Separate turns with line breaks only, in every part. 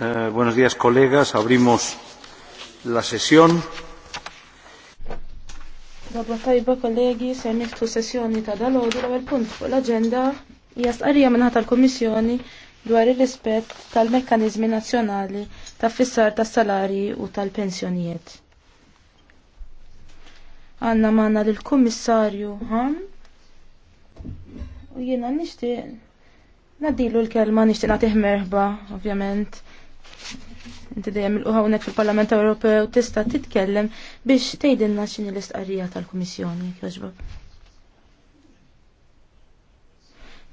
Eh, buenos días, colegas. Abrimos la sesión. Dabba tajba kollegi, se niftu sessjoni ta' dal-ħodu l-ewwel punt fuq l-aġenda hija stqarrija minn tal-Kummissjoni dwar ir-rispett tal-mekkaniżmi nazzjonali ta' fissar tas-salarji u tal-pensjonijiet. Għanna manna lill-Kummissarju ħan u jiena nixtieq nadilu l-kelma nixtieq nagħtih merħba, ovvjament, Inti dejjem il hawnhekk fil-Parlament Ewropew tista' titkellem biex tgħidilna x'inhi l-istqarrija tal-Kummissjoni jogħġbok.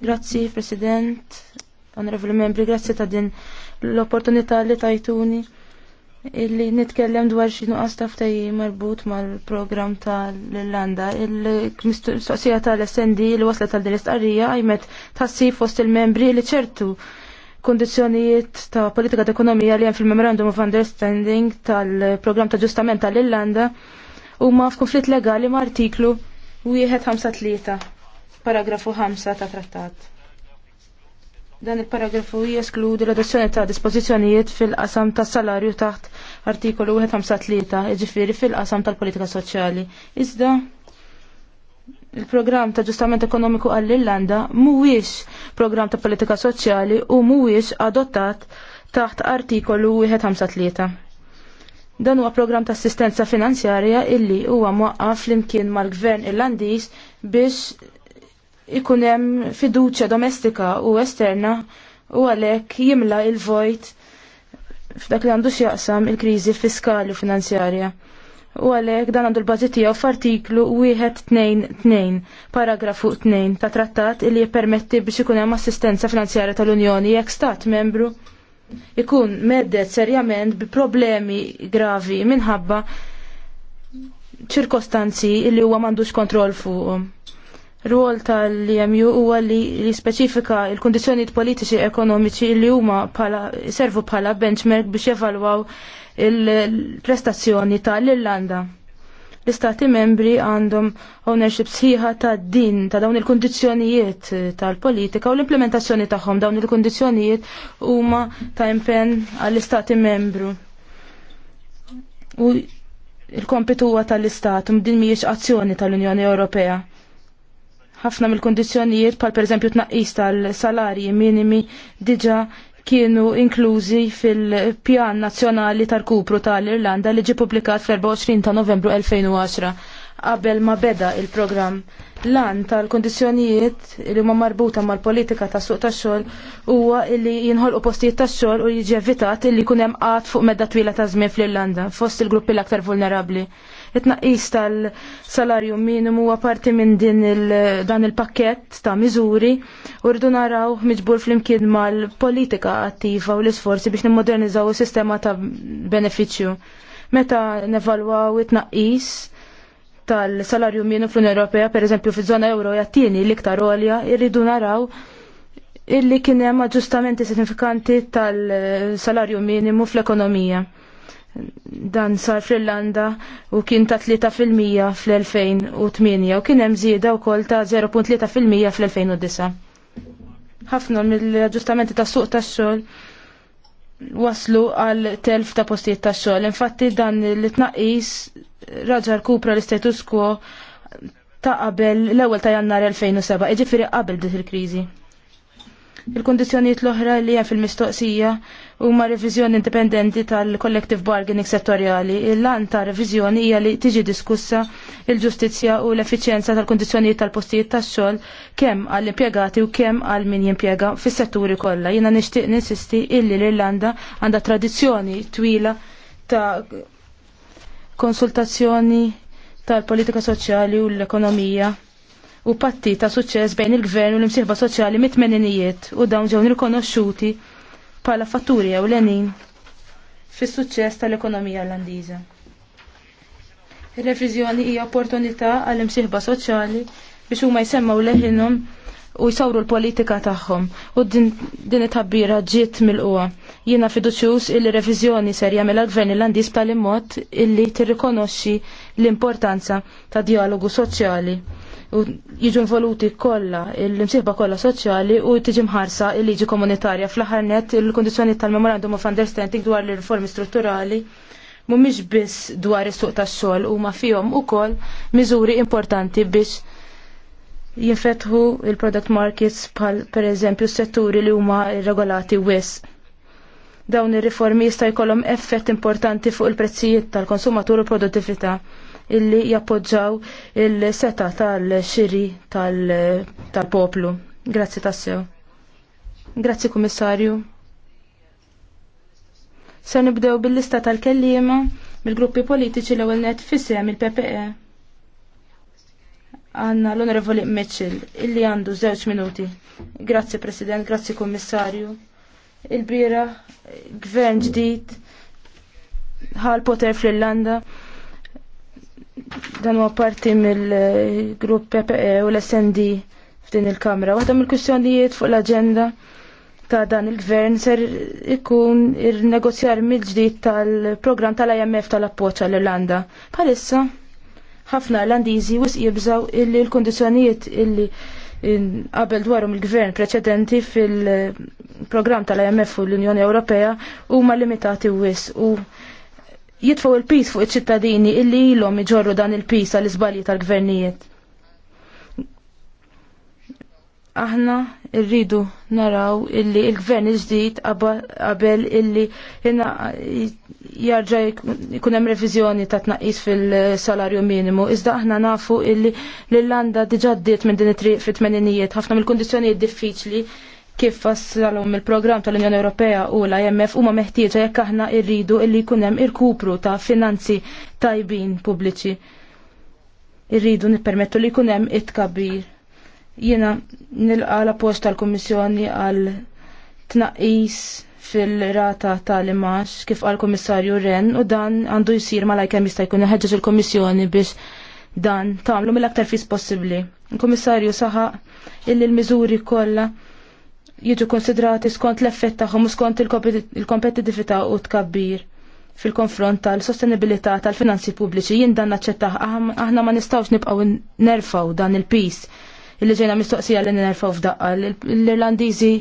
Grazzi, President, Onorevoli Membri, grazzi ta' din l-opportunità li tajtuni illi nitkellem dwar xi nuqqas taftaji marbut mal-programm tal-Irlanda. Il-mistoqsija tal-SND li waslet tal-din l-istqarrija għajmet tassi fost il-membri li ċertu kondizjonijiet ta' politika ta' ekonomija li hemm fil-Memorandum of Understanding tal-Programm ta' Ġustament tal-Irlanda huma f'konflitt legali ma' artiklu 153 paragrafu 5 ta' trattat. Dan il-paragrafu jeskludi l-adozzjoni ta' dispożizzjonijiet fil-qasam tas salarju taħt artikolu 153, iġifieri fil-qasam tal-politika soċjali. Iżda il-programm ta' ġustament ekonomiku għall-Irlanda mhuwiex programm ta' politika soċjali u mhuwiex adottat taħt artikolu 153. Dan huwa programm ta' assistenza finanzjarja illi huwa mwaqqaf flimkien mal-Gvern Irlandiż biex ikun hemm fiduċja domestika u esterna u għalhekk jimla il-vojt f'dak li għandu x'jaqsam il-kriżi fiskali u finanzjarja u għalek dan għandu l-bazi tiegħu f'artiklu 1-2-2, paragrafu 2 ta' trattat li jippermetti biex ikun hemm assistenza finanzjarja tal-Unjoni jekk stat membru ikun meddet serjament bi problemi gravi minħabba ċirkostanzi li huwa m'għandux kontroll fuqhom. Rwol tal-EMU huwa li jispeċifika l-kundizzjonijiet politiċi ekonomiċi li huma servu bħala benchmark biex jevalwaw il-prestazzjoni tal-Irlanda. L-istati membri għandhom ownership sħiħa ta' din, ta' dawn il-kondizjonijiet tal-politika u l-implementazzjoni tagħhom dawn il-kondizjonijiet huma ta' impenn għall-istati membru. U il-kompitu huwa tal-istat, din mhijiex azzjoni tal-Unjoni Ewropea ħafna mill-kondizjonijiet bħal pereżempju eżempju tnaqqis tal-salarji minimi diġa kienu inklużi fil-Pjan Nazzjonali tal-Kupru tal-Irlanda li ġi publikat fl-24 ta' Novembru 2010 qabel ma beda il-programm. Lan tal-kondizjonijiet li huma marbuta mal-politika ta' suq tax-xogħol huwa li jinħolqu postijiet tax-xogħol u jiġi evitat li jkun hemm qatt fuq medda twila ta' żmien fl-Irlanda fost il-gruppi l-aktar vulnerabbli it-naqis tal-salarju minimu huwa parti minn din il dan il-pakkett ta' miżuri u rridu naraw miġbur flimkien mal-politika attiva u l-isforzi biex nimmodernizzaw is-sistema ta' benefiċċju. Meta nevalwaw it-naqis tal-salarju minimu fl-Unjoni Ewropea, pereżempju fiż-żona euro jattini l-iktar għolja, irridu naraw illi kien hemm aġġustamenti sinifikanti tal-salarju minimu fl-ekonomija. Dan sar fil-Landa u kien ta' 3% fl-2008 u kien hemm żieda wkoll ta' 0.3% fl-2009. Ħafna mill-aġġustamenti tas suq tax-xogħol waslu għal telf ta' postijiet ta' xogħol. Infatti dan li tnaqqis raġar kupra l istatus quo ta' qabel l-ewwel ta' jannar 2007, jiġifieri qabel dik il-kriżi. Il-kondizjoniet l-oħra li hemm fil-mistoqsija huma reviżjoni indipendenti tal-collective bargaining settorjali. Il-lan ta' reviżjoni hija li tiġi diskussa il-ġustizzja u l-effiċjenza tal-kondizzjonijiet tal-postijiet tax-xogħol kemm għall-impjegati u kemm għal min jimpjega fis-setturi kollha. Jiena nixtieq ninsisti illi l-Irlanda għandha tradizzjoni twila ta' konsultazzjoni tal-politika soċjali u l-ekonomija u patti ta' suċċess bejn il-gvern u l-imsieħba soċjali mit-tmeninijiet u dawn ġew rikonoxxuti bħala fatturi ewlenin fis-suċċess tal-ekonomija irlandiża. Ir-reviżjoni hija opportunità għall imsieħba soċjali biex huma jsemmaw leħinhom u jsawru l-politika tagħhom u din it-tabbira ġiet mill-qwa. Jiena fiduċjuż illi reviżjoni ser jagħmel għall gvern Irlandiż b'tali mod illi tirrikonoxxi l-importanza ta' dialogu soċjali u jiġu involuti kollha l-imsieħba kollha soċjali u tiġi mħarsa il-liġi komunitarja fl-aħħar net il-kondizzjoni tal-memorandum of understanding dwar l-riformi strutturali mhumiex biss dwar is-suq tax-xogħol huma fihom ukoll miżuri importanti biex jinfetħu il-product markets bħal pereżempju s-setturi li huma regolati wis. Dawn ir-riformi jista' jkollhom effett importanti fuq il-prezzijiet tal-konsumatur u produttività illi jappoġġaw il-seta tal-xiri tal-poplu. Grazzi tassew. Grazzi kummissarju. Se nibdew bil-lista tal-kellima mill-gruppi politiċi l ewwel net fissem il-PPE. Għanna l-Onorevoli Mitchell, illi għandu żewġ minuti. Grazzi President, grazzi Kummissarju. Il-bira, gvern ġdid, ħal poter fl-Irlanda, dan huwa parti mill-grupp PPE u l-SND f'din il-Kamra. Waħda mill-kwistjonijiet fuq l-aġenda ta' dan il-gvern ser ikun ir-negozjar mill-ġdid tal-programm tal-IMF tal-appoċ għall-Irlanda. Palissa, ħafna Irlandiżi wis jibżaw illi l-kondizjonijiet illi qabel dwarhom il-gvern preċedenti fil-programm tal-IMF u l-Unjoni Ewropea huma limitati wis u, -u jitfaw il-pis fuq iċ-ċittadini illi ilhom iġorru dan il-pis għal iżbalji tal-gvernijiet. Aħna rridu naraw illi il-gvern il-ġdid qabel illi jarġa jkun hemm reviżjoni ta' tnaqqis fil-salarju minimu. Iżda aħna nafu illi l landa diġà ddiet minn din it-triq fit-tmeninijiet ħafna mill-kundizzjonijiet diffiċli kif fassalhom il-programm tal-Unjoni Ewropea u l-IMF huma meħtieġa jekk aħna rridu illi jkun hemm irkupru ta' finanzi tajbin pubbliċi. Irridu nippermettu li jkun hemm it-tkabbir. Jiena nilqa l post tal-Kummissjoni għal tnaqqis fil-rata tal-imax kif għal komissarju Ren u dan għandu jisir ma lajkem jista' jkun ħeġġeġ il kummissjoni biex dan tagħmlu mill-aktar fis possibbli. Il-Kummissarju saħaq illi l-miżuri kollha jiġu konsidrati skont l-effett tagħhom u skont il-kompetitività u tkabbir fil-konfront tal-sostenibilità tal-finanzi pubbliċi jien dan naċċettaħ aħna ma nistgħux nibqgħu nerfaw dan il-pis illi ġejna mistoqsija li nerfaw f'daqqa l-Irlandiżi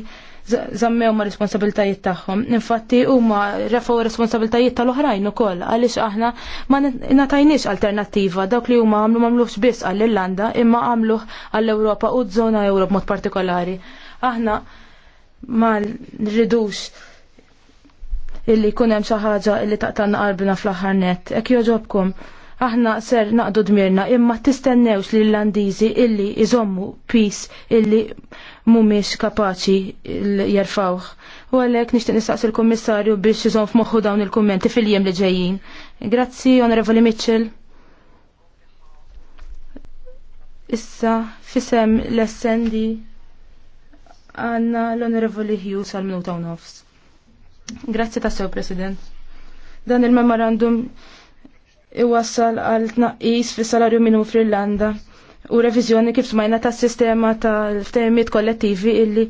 zammew ma responsabiltajiet tagħhom. Infatti huma refgħu responsabiltajiet tal-oħrajn ukoll għaliex aħna ma natajniex alternattiva dawk li huma għamlu m'għamluhx biss għall-Irlanda imma għamluh għall-Ewropa u żona Ewrop mod partikolari. Aħna ma rridux illi jkun hemm xi ħaġa illi taqtanna qalbna fl-aħħar net. Ek joġobkom, aħna ser naqdu dmirna imma tistennewx li l landizi illi iżommu pis illi mhumiex kapaċi jerfawh. U għalhekk nixtieq nistaqsi il kummissarju biex iżomm f'moħħu dawn il-kummenti fil-jiem li ġejjin. Grazzi, Onorevoli Mitchell. Issa, fisem l-essendi. Għanna l-Onorevoli Hughes għal-minuta u nofs. Grazzi ta' sew, President. Dan il-memorandum iwassal għal tnaqqis fis salarju minimum fl-Irlanda u reviżjoni kif smajna ta' sistema tal-ftehimiet kollettivi illi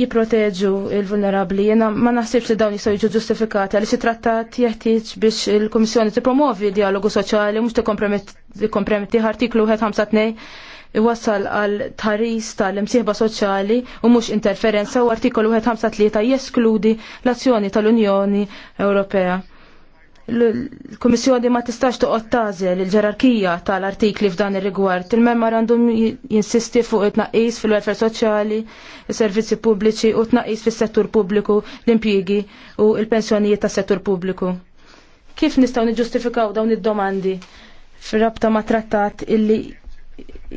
jiproteġu il-vulnerabli. Jena ma naħsibx li dawn jistgħu jiġu ġustifikati għaliex trattat jeħtieġ biex il-Kummissjoni tippromovi dialogu soċjali mhux tikkomprometti artiklu 152 iwassal għal taris tal-imsieħba soċjali u mhux interferenza u artikolu 153 jeskludi l-azzjoni tal-Unjoni Ewropea. L-Komissjoni ma tistax toqgħod tażel il-ġerarkija tal-artikli f'dan ir-rigward. Il-memorandum jinsisti fuq it-tnaqqis fil-welfare soċjali, is-servizzi pubbliċi u tnaqqis fis-settur pubbliku, l-impjiegi u l-pensjonijiet tas-settur pubbliku. Kif nistgħu niġġustifikaw dawn id-domandi fir-rabta ma' trattat illi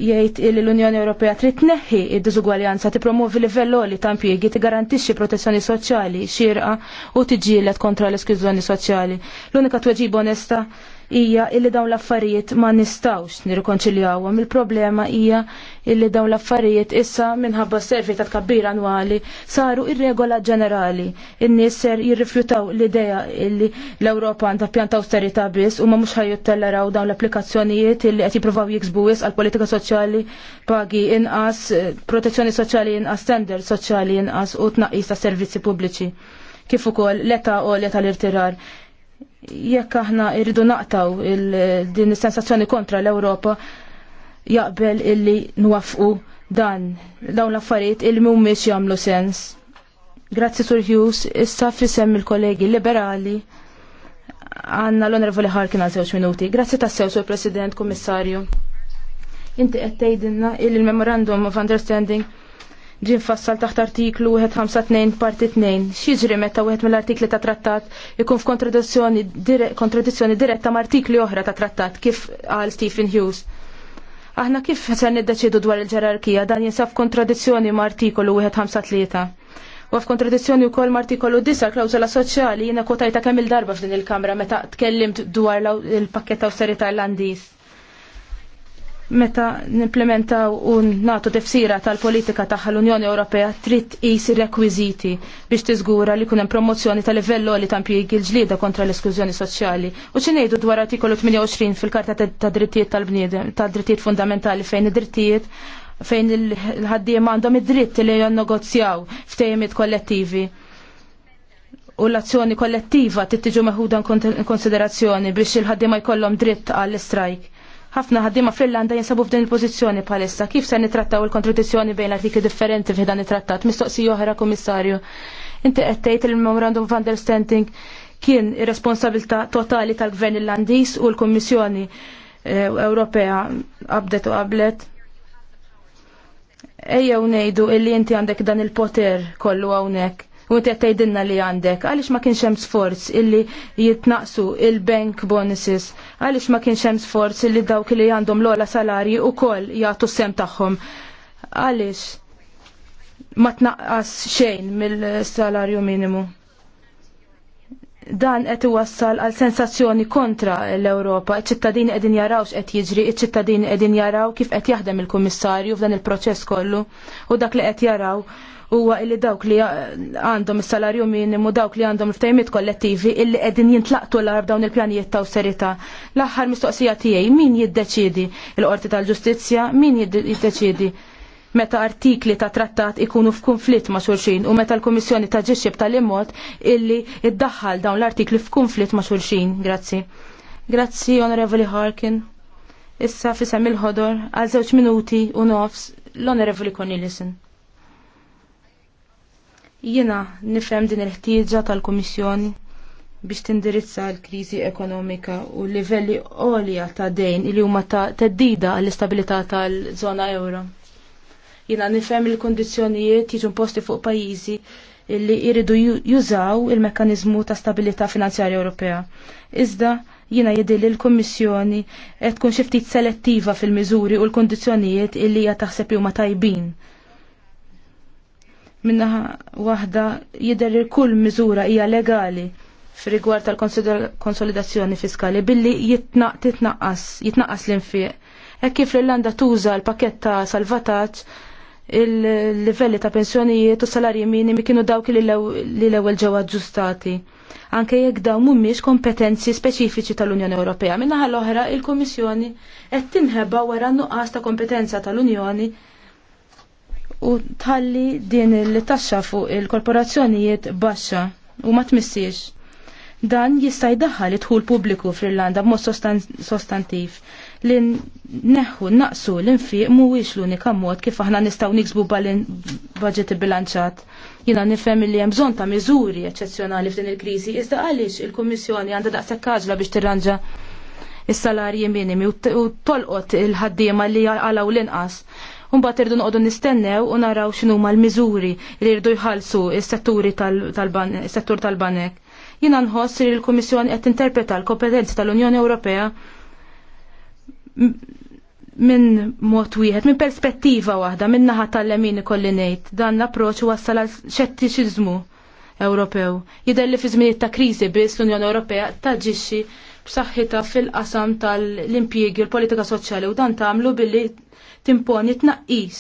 jgħid li l-Unjoni Ewropea trid tneħħi id-diżugwaljanza tippromovi livell li ta' impjiegi tigarantixxi protezzjoni soċjali xierqa u tiġielet kontra l-esklużjoni soċjali. L-unika tweġib onesta hija illi dawn l-affarijiet ma nistawx nirkonċiljawhom. Il-problema hija illi dawn l-affarijiet issa minħabba servi ta' tkabbir annwali saru ir-regola ġenerali. In-nies ser jirrifjutaw l-idea illi l-Ewropa għandha pjan ta' austerità biss u ma mhux ħajjotteleraw dawn l-applikazzjonijiet illi qed jippruvaw jiksbu wis għal politika soċjali pagi inqas, protezzjoni soċjali inqas, standard soċjali inqas u tnaqqis ta' servizzi pubbliċi kif ukoll l-età għolja tal-irtirar jekk aħna irridu naqtaw din is-sensazzjoni kontra l-Ewropa jaqbel illi nwafqu dan dawn l-affarijiet illi mhumiex jagħmlu sens. Grazzi Sur Hughes, issa fissem il-kollegi liberali għanna l-onorevoli Harkin għal żewġ minuti. Grazzi tassew Sur President, Kummissarju. Inti qed tgħidilna il-Memorandum of Understanding ġin fassal taħt artiklu 152 parti 2. Xiġri meta wieħed mill-artikli ta' trattat ikun f'kontradizzjoni kontradizzjoni diretta ma' artikli oħra ta' trattat kif għal Stephen Hughes. Aħna kif se niddeċidu dwar il-ġerarkija dan jinsab f'kontradizzjoni ma' artiklu 153. U f'kontradizzjoni wkoll ma' artikolu 10 klawżola soċjali jiena kotajta kemm il-darba f'din il-Kamra meta tkellimt dwar il-pakket ta' l Irlandiż meta nimplementaw u natu tefsira tal-politika tagħha l-Unjoni Ewropea trid tqis rekwiżiti biex tiżgura li kunem hemm promozzjoni tal livell li ta' impjiegi l-ġlieda kontra l-eskużjoni soċjali. U xi ngħidu dwar artikolu 28 fil-Karta ta' Drittijiet tal-Bniedem, ta' Drittijiet Fundamentali fejn id-drittijiet fejn il-ħaddiem għandhom id-dritt li jonnegozjaw f'tejmiet kollettivi u l-azzjoni kollettiva tittiġu meħuda konsiderazzjoni biex il-ħaddiema jkollhom dritt għall-istrajk ħafna ħaddiema fl-Irlanda jinsabu f'din il-pożizzjoni bħalissa. Kif se nitrattaw il-kontradizzjoni bejn artikli differenti f'dan it-trattat? Mistoqsija oħra, Kummissarju. Inti qed tgħid il-Memorandum of Understanding kien ir-responsabilità totali tal-Gvern Irlandiż u l-Kummissjoni eh, Ewropea qabdet u qablet. Ejjew ngħidu illi inti għandek dan il-poter kollu hawnhekk u tettajdinna li għandek, għalix ma kienx hemm sforz illi jitnaqsu il-bank bonuses, għalix ma kienx hemm sforz illi dawk li għandhom l-ola salarji u kol jgħatu sem tagħhom. Għalix ma tnaqqas xejn mill-salarju minimu dan qed iwassal għal sensazzjoni kontra l-Ewropa. Iċ-ċittadini qegħdin jaraw x'qed jiġri, iċ-ċittadini qegħdin jaraw kif qed jaħdem il-Kummissarju f'dan il-proċess kollu u dak li qed jaraw huwa illi dawk li għandhom is-salarju minimu dawk li għandhom il-ftajmiet kollettivi illi qegħdin jintlaqtu l-arb dawn il-pjanijiet ta' serjetà. L-aħħar mistoqsija tiegħi min jiddeċiedi l-Qorti tal-Ġustizzja, min jiddeċiedi meta artikli ta' trattat ikunu f'kunflitt ma' xulxin u meta l-Kummissjoni ta' ġixxib tal immot illi iddaħħal dawn l-artikli f'kunflitt ma' xulxin. Grazzi. Grazzi, Onorevoli Harkin. Issa fisem il-ħodor għal żewġ minuti u nofs l-Onorevoli Cornelison. Jiena nifhem din il-ħtieġa tal-Kummissjoni biex tindirizza l-kriżi ekonomika u livelli għolja ta' dejn li huma ta' teddida għall-istabilità tal-żona euro. Jiena nifhem il kondizjonijiet jiġu imposti fuq pajjiżi li jridu jużaw il mekanizmu ta' stabilità finanzjarja Ewropea. Iżda jina jidil li l-Kommissjoni qed tkun xi ftit selettiva fil-miżuri u l kondizjonijiet illi hija taħseb li huma tajbin minnaħa waħda jidher kull miżura hija legali f'rigward tal-konsolidazzjoni fiskali billi jitnaq titnaqqas jitnaqqas l-infiq. Hekk kif l-Irlanda tuża l-pakett ta' salvataġġ il-livelli ta' pensjonijiet u salarji minimi kienu dawk li l-ewwel ġew aġġustati. Anke jekk dawn mhumiex kompetenzi speċifiċi tal-Unjoni Ewropea. Minna l-oħra il-Kummissjoni qed tinħeba wara nuqqas ta' kompetenza tal-Unjoni u tħalli din il-taxxa fuq il-korporazzjonijiet baxxa u ma tmissiex. Dan jista' jdaħħal idħul pubbliku fl-Irlanda b'mod sostantiv li neħħu naqsu l-infiq mhuwiex l-unika mod kif aħna nistgħu niksbu budget bilanċat. Jiena nifhem li hemm bżonn ta' miżuri eċċezzjonali f'din il-kriżi, iżda għaliex il-Kummissjoni għandha daqshekk kaġla biex tirranġa is-salarji minimi u tolqot il-ħaddiema li għalaw l-inqas Mbagħad irdu noqogħdu nistennew u naraw x'inhuma l-miżuri li jridu jħallsu s-setturi tal-settur tal-banek. Jiena nħoss li l-Kummissjoni qed interpreta l-kompetenzi tal-Unjoni Ewropea minn mod wieħed, minn perspettiva waħda, minn naħa tal-lemin ikolli ngħid, dan l-approċċ wassal għal xettiċiżmu Ewropew. Jidher li fi żminijiet ta' kriżi biss l-Unjoni Ewropea taġixxi b'saħħitha fil-qasam tal-impjiegi u l-politika soċjali u dan tagħmlu billi timponi tnaqqis.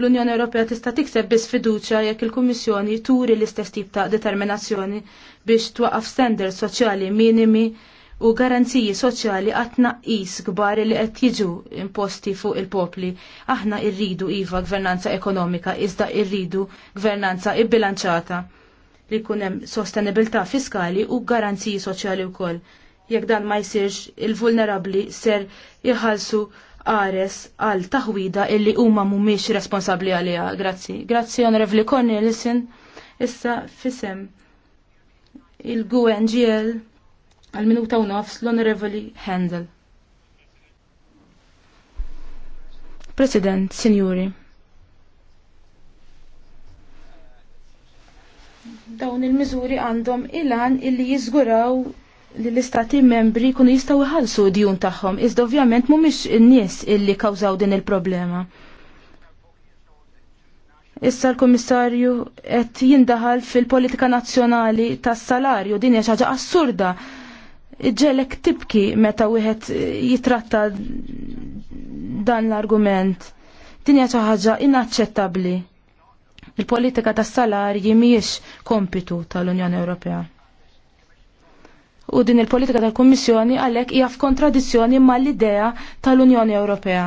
L-Unjoni Ewropea tista' tikseb biss fiduċja jekk il-Kummissjoni turi l-istess tip ta' determinazzjoni biex twaqaf standards soċjali minimi u garanziji soċjali għat naqis kbar li qed jiġu imposti fuq il-popli. Aħna irridu iva gvernanza ekonomika, iżda irridu gvernanza ibbilanċata li jkun hemm sostenibilità fiskali u garanziji soċjali wkoll. Jekk dan ma jsirx, il-vulnerabbli ser jħallsu ares għal taħwida illi huma mhumiex responsabbli għaliha. Grazzi. Grazzi Onorevli Cornelison. Issa fisem il gungl għal minuta u nofs l-Onorevoli Handel. President, Signori. Dawn il-miżuri għandhom ilan illi jiżguraw li l-istati membri kunu jistaw iħallsu djun tagħhom, iżda ovvjament mhumiex in-nies illi kawżaw din il-problema. Issa l-Komissarju qed jindaħal fil-politika nazzjonali tas-salarju din hija ħaġa assurda. Iġelek tibki meta wieħed jitratta dan l-argument. Din hija xi ħaġa inaċċettabbli. Il-politika tas-salarji mhijiex kompitu tal-Unjoni Ewropea u din il-politika tal-Kummissjoni għalhekk hija f'kontradizzjoni mal-idea tal-Unjoni Ewropea.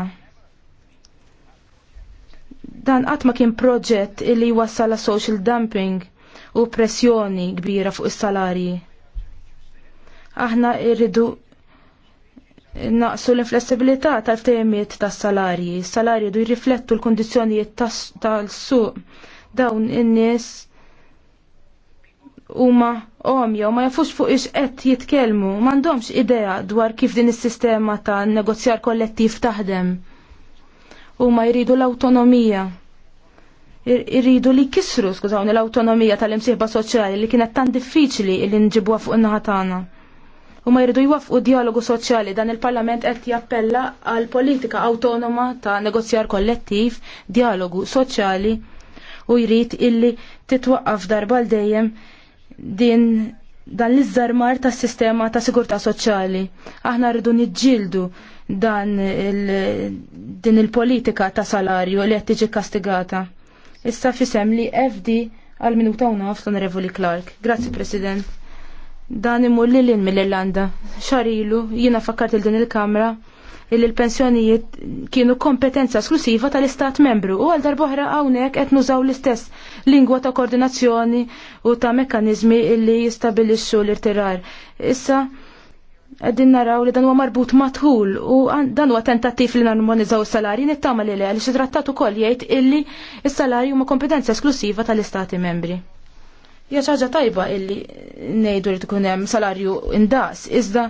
Dan qatt ma kien proġett li jwassal social dumping u pressjoni kbira fuq is-salarji. Aħna rridu naqsu l-inflessibilità tal-temiet tas-salarji. Is-salarji du jirriflettu l kundizzjonijiet tas-suq dawn in-nies huma omja u ma jafux fuq ix qed jitkellmu, m'għandhomx idea dwar kif din is-sistema ta' negozjar kollettiv taħdem. Huma jridu l-awtonomija. Irridu li kisru, skużawni, l-awtonomija tal-imsieħba soċjali li kienet tan diffiċli li nġibuha fuq in-naħa tagħna. Huma jridu jwafqu dialogu soċjali dan il-Parlament qed jappella għal politika awtonoma ta' negozjar kollettiv, dialogu soċjali u jrid illi titwaqqaf darba l dejjem din dan l-iżarmar tas sistema ta' sigurtà soċjali. Aħna rridu niġġieldu dan il, din il-politika ta' salarju li qed tiġi kastigata. Issa fisem li FD għal minuta u nofs l Revoli Clark. Grazzi President. Dan imur li l mill-Irlanda. Xarilu, jina fakkart il-din il-kamra illi l-pensjonijiet kienu kompetenza esklusiva tal-Istat membru u għal darboħra hawnhekk qed nużaw l-istess lingwa ta' koordinazzjoni u ta' mekkaniżmi illi jistabilixxu l-irtirar. Issa qegħdin naraw li dan huwa marbut matħul u dan huwa tentattiv li narmonizzaw is-salarji nittama li le għaliex trattat ukoll jgħid illi s-salarji huma kompetenza esklusiva tal-Istati membri. Ja ħaġa tajba illi ngħidu li tkun hemm salarju indas, iżda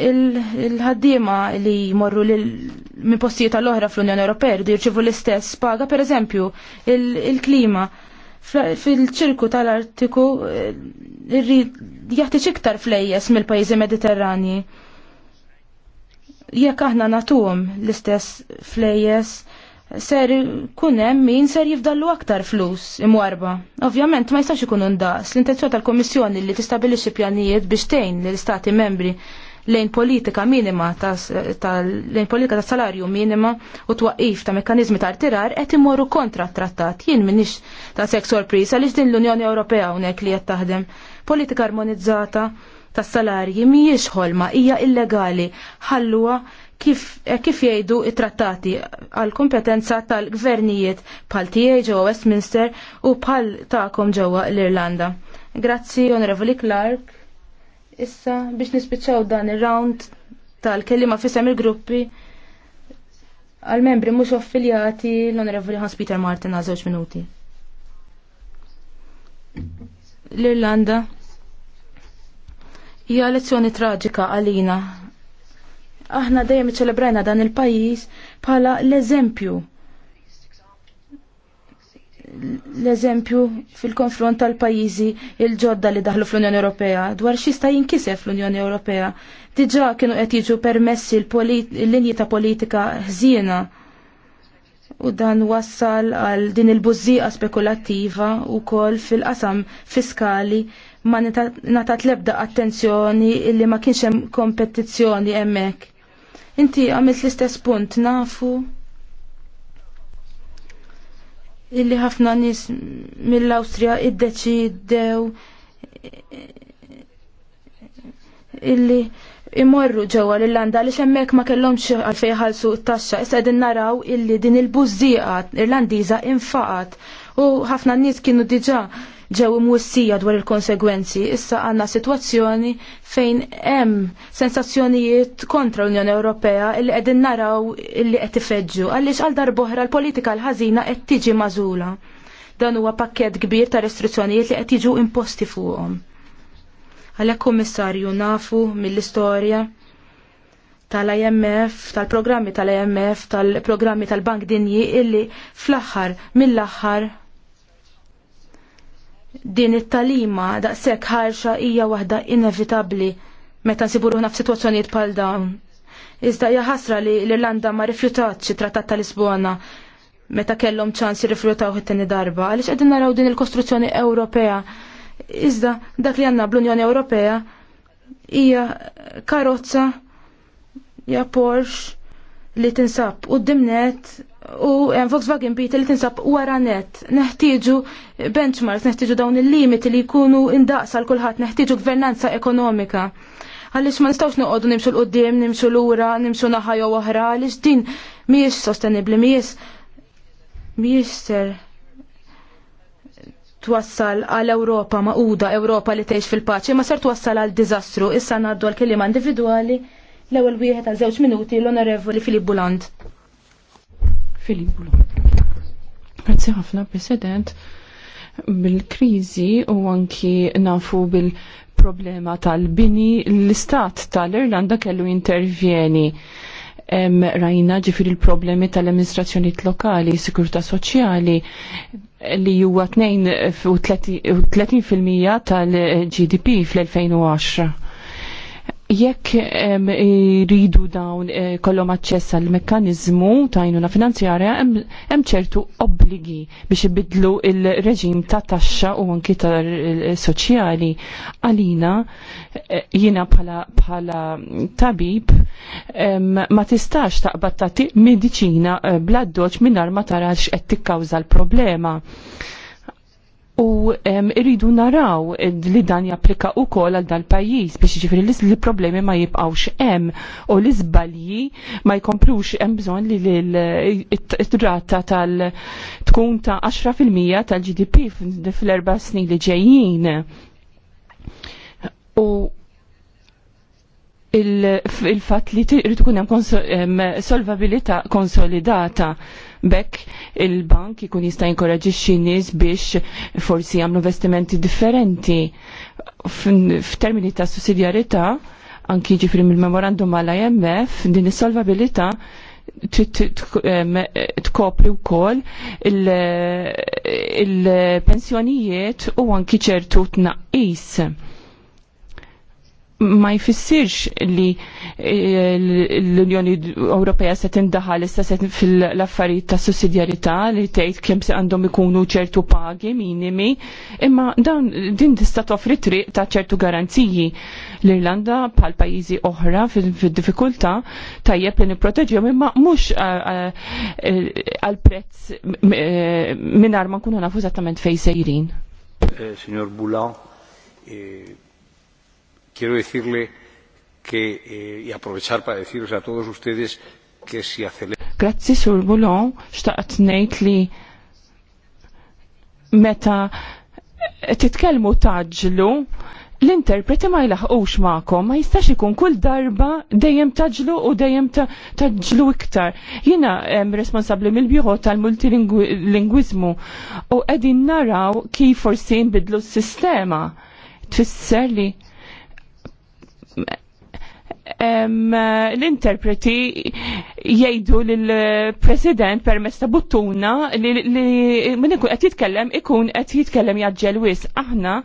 il-ħaddiema li jmorru minn postijiet tal-oħra fl-Unjoni Ewropea jridu jirċivu l-istess paga, per eżempju, il-klima fil-ċirku tal-Artiku eh, jaħtiġ iktar flejjes mill-pajjiżi Mediterrani. Jekk aħna natuhom l-istess flejjes, ser kunem min ser jifdallu aktar flus imwarba. Ovvjament ma jistax ikun undaqs l-intenzjoni tal-Komissjoni li tistabilixxi pjanijiet biex tgħin l istati membri lejn politika minima ta', lejn politika ta' salarju minima u twaqif ta' mekkanizmi ta' artirar qed imorru kontra trattat. Jien minix ta' sex sorpriż għaliex din l-Unjoni Ewropea hawnhekk li qed taħdem politika armonizzata ta' salarji mhijiex ħolma hija illegali ħalluha kif, eh, kif jgħidu it-trattati għal kompetenza tal-gvernijiet bħal tiegħi ġewwa Westminster u bħal ta'kom ġewwa l-Irlanda. Grazzi, Onorevoli Clark. Issa biex nispiċċaw dan ir-round tal-kelima fisem il-gruppi għal-membri mhux affiljati l-Onorevoli Hans Peter Martin għal żewġ minuti. L-Irlanda hija lezzjoni traġika għalina. Aħna dejjem iċċelebrajna dan il-pajjiż bħala l-eżempju l-eżempju fil-konfront tal-pajjiżi il-ġodda li daħlu fl-Unjoni Ewropea dwar xista jinkisef fl-Unjoni Ewropea. Diġà kienu qed jiġu permessi l-linji ta' politika ħżiena u dan wassal għal din il-bużija spekulattiva u kol fil-qasam fiskali ma natat lebda attenzjoni illi ma kienx hemm kompetizzjoni hemmhekk. Inti għamilt l-istess punt nafu illi ħafna nis mill-Awstrija iddeċidew illi imorru ġewwa l-Irlanda li hemmhekk ma kellhomx għalfejn ħalsu t-taxxa. Issa qegħdin naraw illi din il bużija Irlandiża infaqat u ħafna nies kienu diġà ġew imwissija dwar il-konsegwenzi. Issa għandna sitwazzjoni fejn hemm sensazzjonijiet kontra l-Unjoni Ewropea li qegħdin naraw illi qed ifeġġu għaliex għal darb'oħra l-politika l-ħażina qed tiġi magħżula. Dan huwa pakkett kbir ta' restrizzjonijiet li qed jiġu imposti fuqhom. Għalhekk kummissarju nafu mill-istorja tal-IMF, tal-programmi tal-IMF, tal-programmi tal-Bank Dinji illi fl-aħħar mill-aħħar din it-talima daqshekk ħarxa hija waħda inevitabbli meta nsibu f'sitwazzjonijiet bħal dawn. Iżda hija ħasra li l-Irlanda ma rifjutatx it-Trattat ta' Lisbona meta kellhom ċans jirrifjutaw it-tieni darba għaliex qegħdin naraw din il-kostruzzjoni Ewropea. Iżda dak li għandna bl-Unjoni Ewropea hija karozza, hija Porsche, li tinsab u dimnet u eh, Volkswagen Beetle li tinsab wara net. Neħtieġu benchmarks, neħtieġu dawn il-limiti li jkunu indaqsa l kulħadd neħtieġu gvernanza ekonomika. Għaliex ma nistgħux noqogħdu nimxu l qoddim nimxu lura, nimxu naħa jew oħra, għaliex din mhijiex sostenibbli, mhijiex miex ser twassal għal Ewropa uda Ewropa li tgħix fil-paċi, ma ser twassal għal diżastru, issa ngħaddu għal kelima individwali. L-ewwel wieħed għal żewġ minuti l-Onorevoli Filip Buland.
Filip Buland. Grazzi ħafna, President. Bil-kriżi u anki nafu bil-problema tal-bini, l-istat tal-Irlanda kellu intervjeni em, rajna ġifir il-problemi tal-amministrazzjoni lokali, sikurta soċjali, li huwa 32% tal-GDP fl-2010 jekk ridu dawn eh, kollom aċċess għal mekkaniżmu ta' għajnuna finanzjarja hemm ċertu obbligi biex ibidlu il-reġim ta' taxxa u anki ta' soċjali għalina eh, jiena bħala tabib ma tistax taqbad tagħti medicina eh, bla doċ mingħajr ma tarax qed tikkawża l-problema u irridu naraw li dan japplika u kol għal dal-pajis biex ġifri li problemi ma jibqawx em u li zbalji ma jkomplux em bżon li l-rata tal tkun ta' 10% tal-GDP fl-erba snin li ġejjin. U il-fat li trid tkun hemm solvabilità konsolidata Bekk il-bank ikun jista' jinkoraġixxi nies biex forsi jagħmlu investimenti differenti. F'termini ta' sussidjarità, anki ġifri mill-memorandum mal IMF, din is-solvabilità tkopri u il-pensjonijiet u anki ċertu tnaqqis ma jfissirx li eh, l-Unjoni Ewropea se tindaħal issa se fil-affarijiet ta' sussidjarità li tgħid kemm se għandhom ikunu ċertu pagi minimi, imma dan din tista' toffri triq ta' ċertu garanziji. L-Irlanda bħal pajjiżi oħra fid-diffikultà tajjeb li nipproteġew imma mhux eh, eh, għal prezz mingħajr ma nkunu nafu eżattament fejn sejrin. Signor Bula, quiero decirle que, eh, y
aprovechar para deciros a todos ustedes que si acelera.
Grazzi sur Bulon, xtaqt ngħid li meta titkellmu taġlu, l-interpreti ma jlaħqux ma'kom, ma jistax ikun kull darba dejjem taġlu u dejjem taġlu iktar. Jina responsabli mill-bjuħu tal-multilingwizmu u qegħdin naraw kif forsi nbidlu s-sistema. Tfisser li l-interpreti jgħidu l-president per ta' buttuna li, li minn ikun qed jitkellem ikun qed jitkellem jaġġel wis. Aħna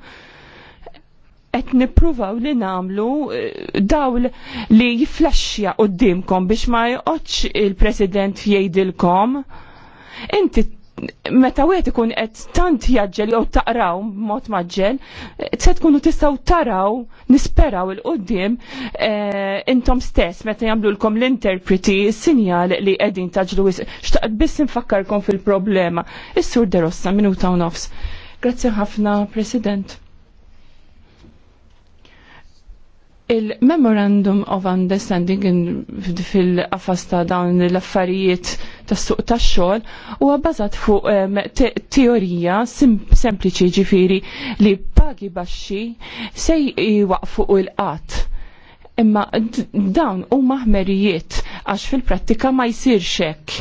qed nippruvaw li namlu eh, dawl li jiflaxxja qudiemkom biex ma joqgħodx il-president jgħidilkom inti meta wieħed ikun qed tant jaġġel jew taqraw mot maġġel, se tkunu tistaw taraw, nisperaw il qudiem eh, intom stess meta jagħmlulkom l-interpreti sinjal li qegħdin taġlu xtaqt biss infakkarkom fil-problema. Is-sur derossa minuta u nofs. Grazzi ħafna, President. Il-Memorandum of Understanding fil-qafas ta' dawn l-affarijiet tas suq tax xogħol huwa bbażat fuq um, teorija sempliċi ġifiri li pagi baxxi se u il-qatt. Imma dawn huma ħmerijiet għax fil-prattika ma jsirx hekk.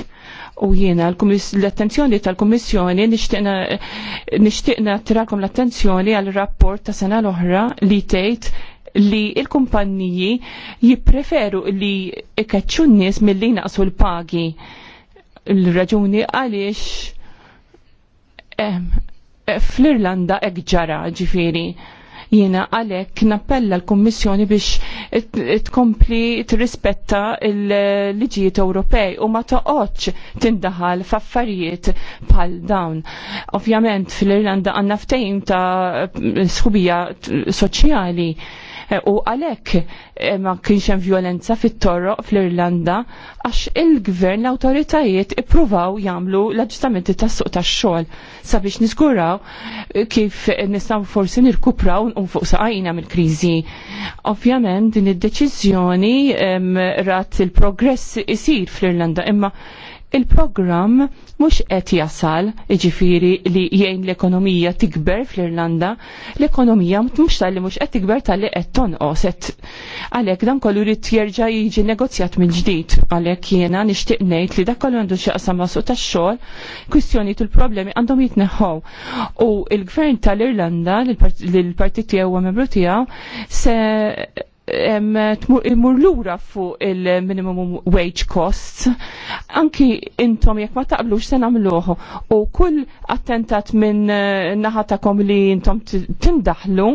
U jiena l-attenzjoni tal-Kummissjoni nixtieqna tirakom l-attenzjoni għal rapport ta' sena l-oħra li tgħid li il-kumpanniji jippreferu li ikkaċċu n-nies milli naqsu l-pagi. L-raġuni għaliex fl-Irlanda ekġara ġara ġifiri. Jiena għalek nappella l-Kommissjoni biex tkompli t-rispetta l-liġijiet Ewropej u ma toqgħodx tindaħal f'affarijiet bħal dawn. Ovvjament fl-Irlanda għandna ftehim ta' sħubija soċjali Eh, u għalhekk eh, ma kienx hemm violenza fit-torroq fl-Irlanda għax il-gvern l-awtoritajiet ippruvaw jagħmlu l-aġġustamenti tas-suq tax-xogħol sabiex niżguraw eh, kif nistgħu forsi nirkupraw nqum fuq saqajna mill-kriżi. Ovvjament din id-deċiżjoni rat il-progress isir fl-Irlanda imma il-programm mhux qed jasal, jiġifieri li jgħin l-ekonomija tikber fl-Irlanda, l-ekonomija mhux tal-li mhux qed tikber tal-li qed tonqos għalhekk dan kollu li jerġa' jiġi negozjat mill-ġdid għalhekk jiena nixtieq ngħid li dak kollu għandu x'jaqsam ma' tax-xogħol, kwistjoni tul problemi għandhom jitneħħu. U l-Gvern tal-Irlanda, l-partit tiegħu u membru tiegħu se imur lura fuq il-minimum wage costs. Anki intom jekk ma taqblux se nagħmluh u kull attentat minn eh, naħa li intom tindaħlu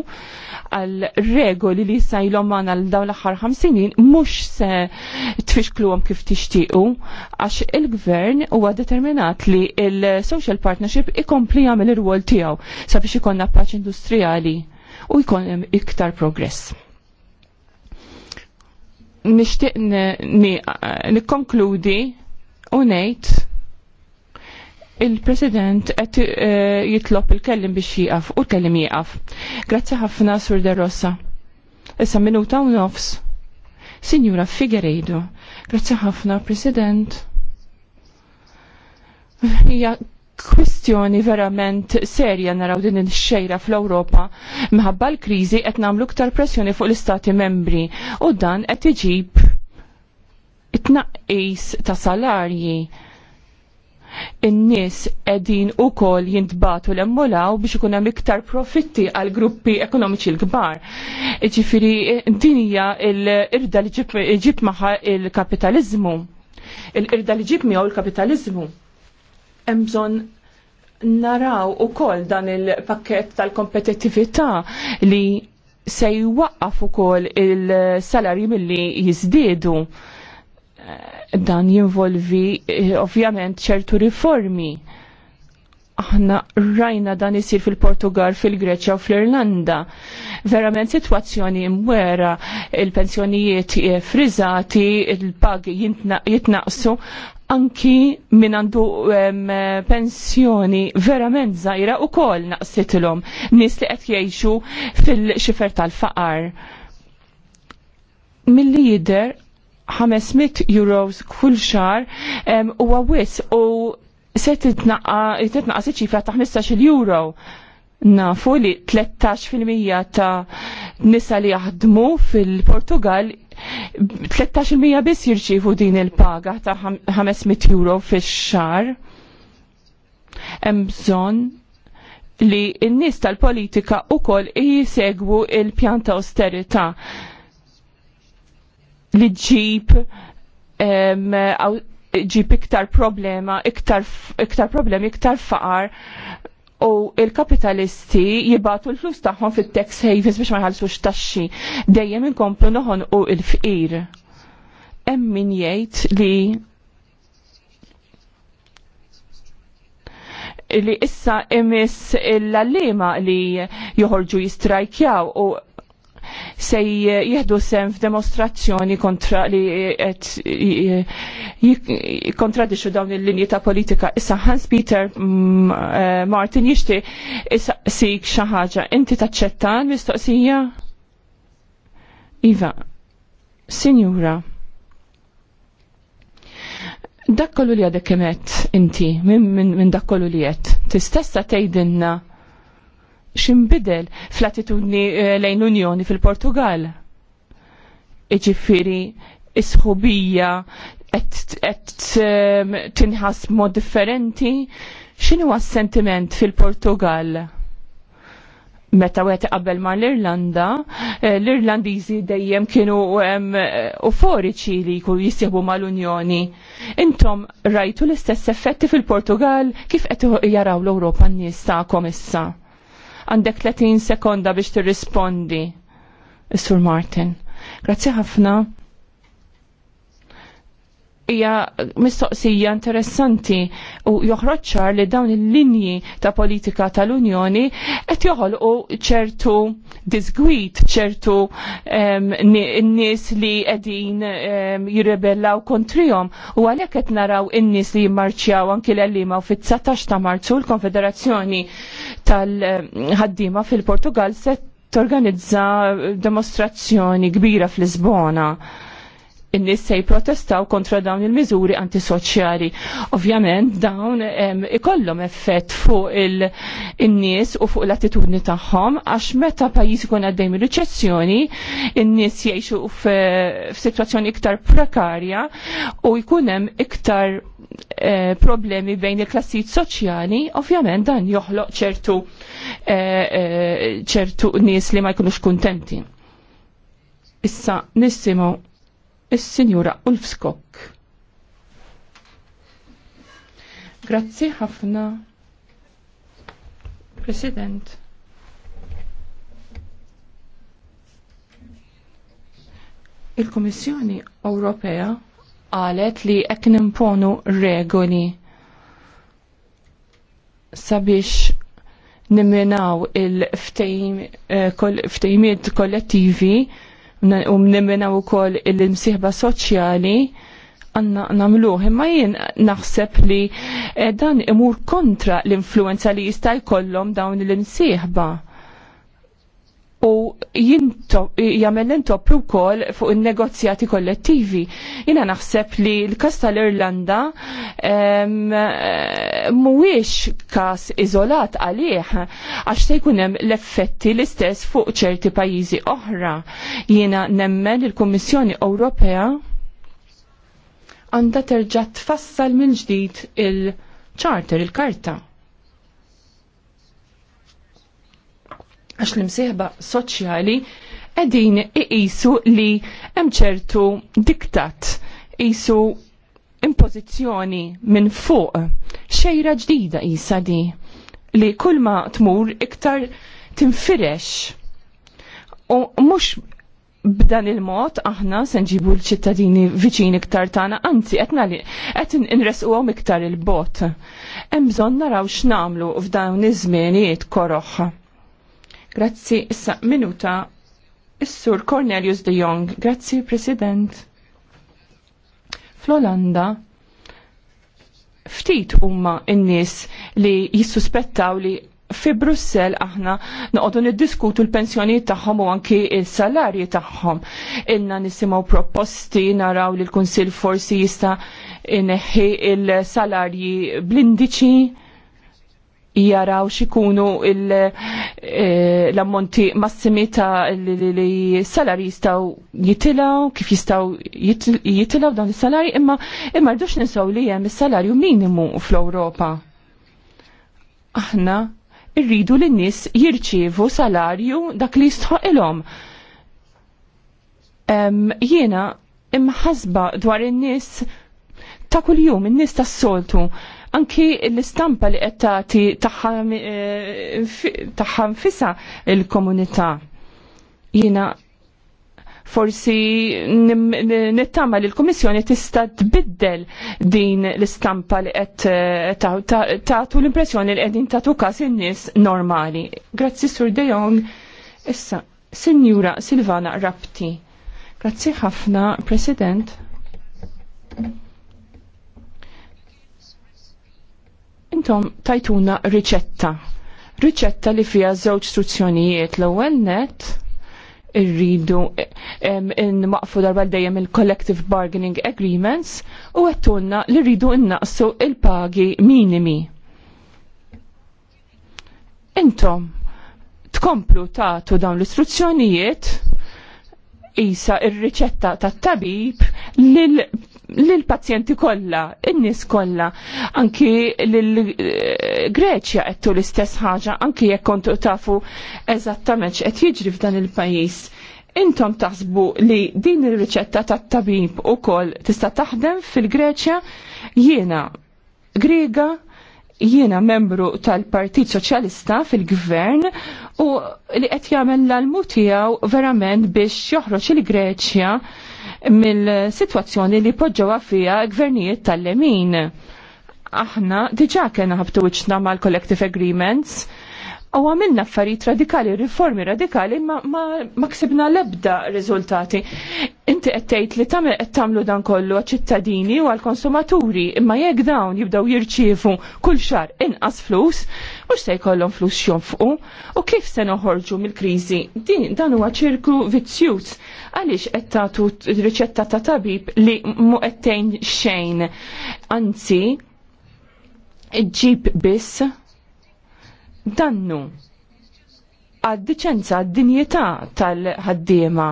għal regoli li sajlhom għandna għal dawn l-aħħar 50 mhux se tfixkluhom kif tixtiequ għax il-gvern huwa determinat li il-social partnership ikompli jagħmel ir-rwol tiegħu sabiex ikonna paċ industrijali u jkun iktar progress nishtiq eh, nikkonkludi u ngħid il-President qed eh, jitlob il-kellim biex jieqaf u l-kellim jieqaf. Grazzi ħafna Sur De Rossa. Issa minuta u nofs. Signora Figueiredo. Grazzi ħafna President kwistjoni verament serja naraw din il-xejra fl-Ewropa minħabba l-kriżi qed nagħmlu ktar pressjoni fuq l-istati membri u dan qed iġib it-tnaqqis ta' salarji in-nies qegħdin ukoll jintbatu l-emmolaw biex ikun hemm iktar profitti għal gruppi ekonomiċi l-kbar. Ġifieri din hija l-irda li ġib maħa il-kapitaliżmu. Il-irda li ġib miegħu il-kapitaliżmu. il kapitaliżmu hemm bżonn naraw ukoll dan il-pakket tal-kompetittività li se jwaqqaf ukoll il-salari mill-li jizdidu. Eh, dan jinvolvi eh, ovvjament ċertu riformi. Aħna rajna dan isir fil-Portugal, fil-Greċja u fl-Irlanda. Verament situazzjoni mwera, il-pensjonijiet eh, frizzati, il-pag jitnaqsu, anki min għandu pensjoni verament zaħira u kol naqsitilom nis li qed jgħixu fil-xifer tal-faqar. Mill-lider 500 euros kull xar u għawis u se titnaqa ċifra ta' 15 euro. Nafu li 13% ta' nisa li jaħdmu fil-Portugal 13% biss jirċifu din il-paga ta' 500 euro fix-xar. Hemm bżonn li n-nies tal-politika wkoll jisegwu il-pjan ta' li ġib ġib iktar problema, iktar, iktar problemi, iktar faqar u il-kapitalisti jibatu l-flus tagħhom fit-tax havens biex ma jħallsux taxxi dejjem inkomplu noħon u il fqir Hemm min jgħid li li issa imis l-allima li joħorġu jistrajkjaw u se jieħdu sem f'demostrazzjoni kontra li et, kontradixxu dawn il-linji ta' politika. Issa Hans Peter eh, Martin issa sik xi ħaġa. Inti taċċetta l-mistoqsija? Iva, Sinjura, dak kollu li għadek kemet inti, minn min, min dak kollu li għed, tistessa tejdinna ximbidel fl-attitudni eh, lejn l-Unjoni fil-Portugal. Iġifiri, isħubija, qed tinħas mod differenti, għas sentiment fil-Portugal? Meta wieħed qabel ma l-Irlanda, eh, l-Irlandiżi dejjem kienu uforiċi li jkunu ma mal-Unjoni. Intom rajtu l-istess effetti fil-Portugal kif qed jaraw l europa n-nies tagħkom issa Għandek 30 sekonda biex tirrispondi. Is-Sur Martin. Grazzi ħafna hija mistoqsija interessanti u joħroċċar li dawn il-linji ta' politika tal-Unjoni qed joħolqu ċertu disgwit, ċertu n-nies li qegħdin jirrebellaw kontrihom u għalhekk qed naraw in-nies li jimmarċjaw anki l-għallima u fit-19 ta' Marzu l-Konfederazzjoni tal ħaddiema fil-Portugal set torganizza demostrazzjoni kbira fl-Lisbona in-nies se jipprotestaw kontra dawn il-miżuri antisoċjali. Ovvjament dawn ikollhom effett fuq in-nies u fuq l-attitudni tagħhom għax meta pajjiż ikun għaddej mir-riċessjoni, in-nies jgħixu f'sitwazzjoni iktar prekarja u jkun hemm iktar eh, problemi bejn il-klassijiet soċjali, ovvjament dan joħloq ċertu eh, eh, ċertu nies li ma jkunux kuntenti. Issa nissimgħu is-Sinjura Ulfskok. Grazzi ħafna, President. Il-Komissjoni Ewropea qalet li qed nimponu regoli sabiex niminaw il-ftejmiet eh, kollettivi u mnimmina u kol il-msiħba soċjali għanna namluħ, imma jien naħseb li eh, dan imur kontra l-influenza li jista' jkollhom dawn l-imsieħba u jagħmel intoppi wkoll fuq in-negozjati kollettivi. Jiena naħseb li l-każ tal-Irlanda mhuwiex każ iżolat għalih għax se jkun hemm l-effetti l-istess fuq ċerti pajjiżi oħra. Jiena nemmen il-Kummissjoni Ewropea għandha terġa' tfassal minn ġdid il-charter, il-karta. il charter il karta għax l-imsieħba soċjali edin iqisu li hemm ċertu diktat isu impożizzjoni minn fuq xejra ġdida isa di li kull ma tmur iktar tinfirex u mhux b'dan il-mod aħna se nġibu l-ċittadini viċini iktar tagħna, anzi qed nagħli qed inresquhom iktar il-bot. Hemm bżonn naraw x'namlu f'dawn iż-żmienijiet koroħ. Grazzi, issa minuta, Is-Sur Cornelius de Jong. Grazzi, President. Fl-Olanda, ftit huma n-nies li jissuspettaw li fi Brussel aħna noqogħdu niddiskutu l-pensjonijiet tagħhom u anki s-salarji tagħhom. Inna nisimgħu proposti naraw li l-Kunsill forsi jista' ineħħi il-salarji blindiċi jaraw xikunu eh, l-ammonti massimi ta' li salari jistaw jitilaw, kif jistaw jitilaw dan il-salari, imma imma rdux ninsaw li jem il-salarju minimu fl-Europa. Aħna irridu li nis jirċivu salarju dak li jistħoq ilom. imma imħasba dwar in-nis ta' kuljum, in-nis tas-soltu Anki l-istampa li qed tagħti tagħha eh, nfisha il-komunità. Jiena forsi nittama li l-Komissjoni tista' tbiddel din l-istampa li qed eh, tagħtu l-impressjoni li qegħdin tagħtu każ in-nies normali. Grazzi Sur De Jong. Issa, Sinjura Silvana Rapti. Grazzi ħafna, President. intom tajtuna riċetta. Riċetta li fija żewġ struzzjonijiet l-ewwel net irridu in-maqfu darba dejjem il-collective bargaining agreements u għettunna li rridu innaqsu il-pagi minimi. Intom, tkomplu tagħtu dawn l-istruzzjonijiet isa ir-riċetta tat-tabib lil l-pazjenti kolla, n-nis kolla, anki l-Greċja eh, għettu l-istess ħaġa, anki jekk kontu tafu eżattament x'qed jiġri f'dan il-pajis. Intom taħsbu li din il-riċetta tat-tabib u kol tista taħdem fil-Greċja jiena Griega, jiena membru tal-Partit Soċjalista fil-Gvern u li qed jagħmel l-almu tiegħu verament biex joħroġ il-Greċja mill-situazzjoni li poġġowa fija gvernijiet tal-lemin. Aħna diġa kena ħabtu wiċna mal-collective agreements U għamilna affarijiet radikali, riformi radikali, ma, ma, ma ksibna lebda riżultati. Inti qed tgħid li tagħmel qed tagħmlu dan kollu għal ċittadini u għall-konsumaturi, imma jekk dawn jibdew jirċifu kull xar inqas flus, mhux se jkollhom flus jonfqu, u kif se noħorġu mill-kriżi? Din dan huwa ċirku vizzjuz Għaliex qed tagħtu riċetta ta' tabib li mu għettejn xejn. Anzi, ġib biss dannu għad-diċenza, għad-dinjeta tal-ħaddiema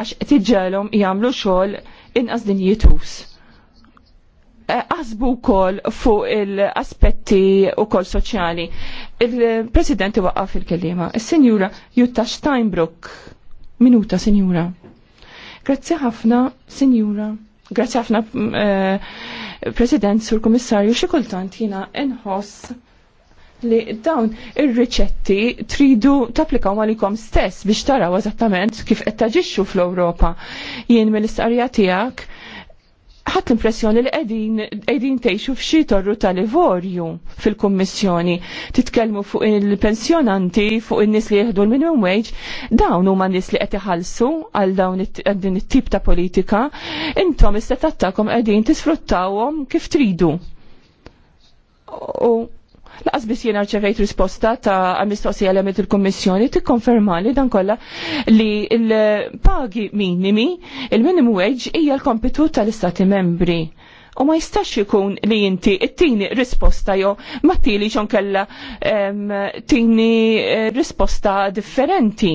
għax tiġġelhom jagħmlu xogħol inqas dinjetus. jitus. kol e, wkoll fuq il-aspetti wkoll soċjali. Il-President waqqaf il-kelliema. is senjura Jutta Steinbrook. Minuta, Senjura. Grazzi ħafna, senjura, Grazzi ħafna, eh, President, Sur Komissarju, xi kultant jiena inħoss li dawn ir-riċetti tridu tapplikaw malikom stess biex taraw eżattament kif qed taġixxu fl-Ewropa. Jien mill-istqarrija tiegħek ħadd l-impressjoni li qegħdin qegħdin tgħixu f'xi torru tal-ivorju fil-Kummissjoni. Titkellmu fuq il-pensjonanti, fuq in-nies li jieħdu l-minimum wage, dawn huma nies li qed iħallsu għal dawn din it-tip ta' politika, intom istatattakom qegħdin tisfruttawhom kif tridu. U Laqas biss jiena rċevejt risposta ta' mistoqsija li għamilt il-Kommissjoni tikkonferma li dan kollha li l-pagi minimi, il-minimum wage hija l-kompitu tal-Istati membri u ma jistax ikun li inti it-tini risposta jo ma tili xon kella t tini eh, risposta differenti.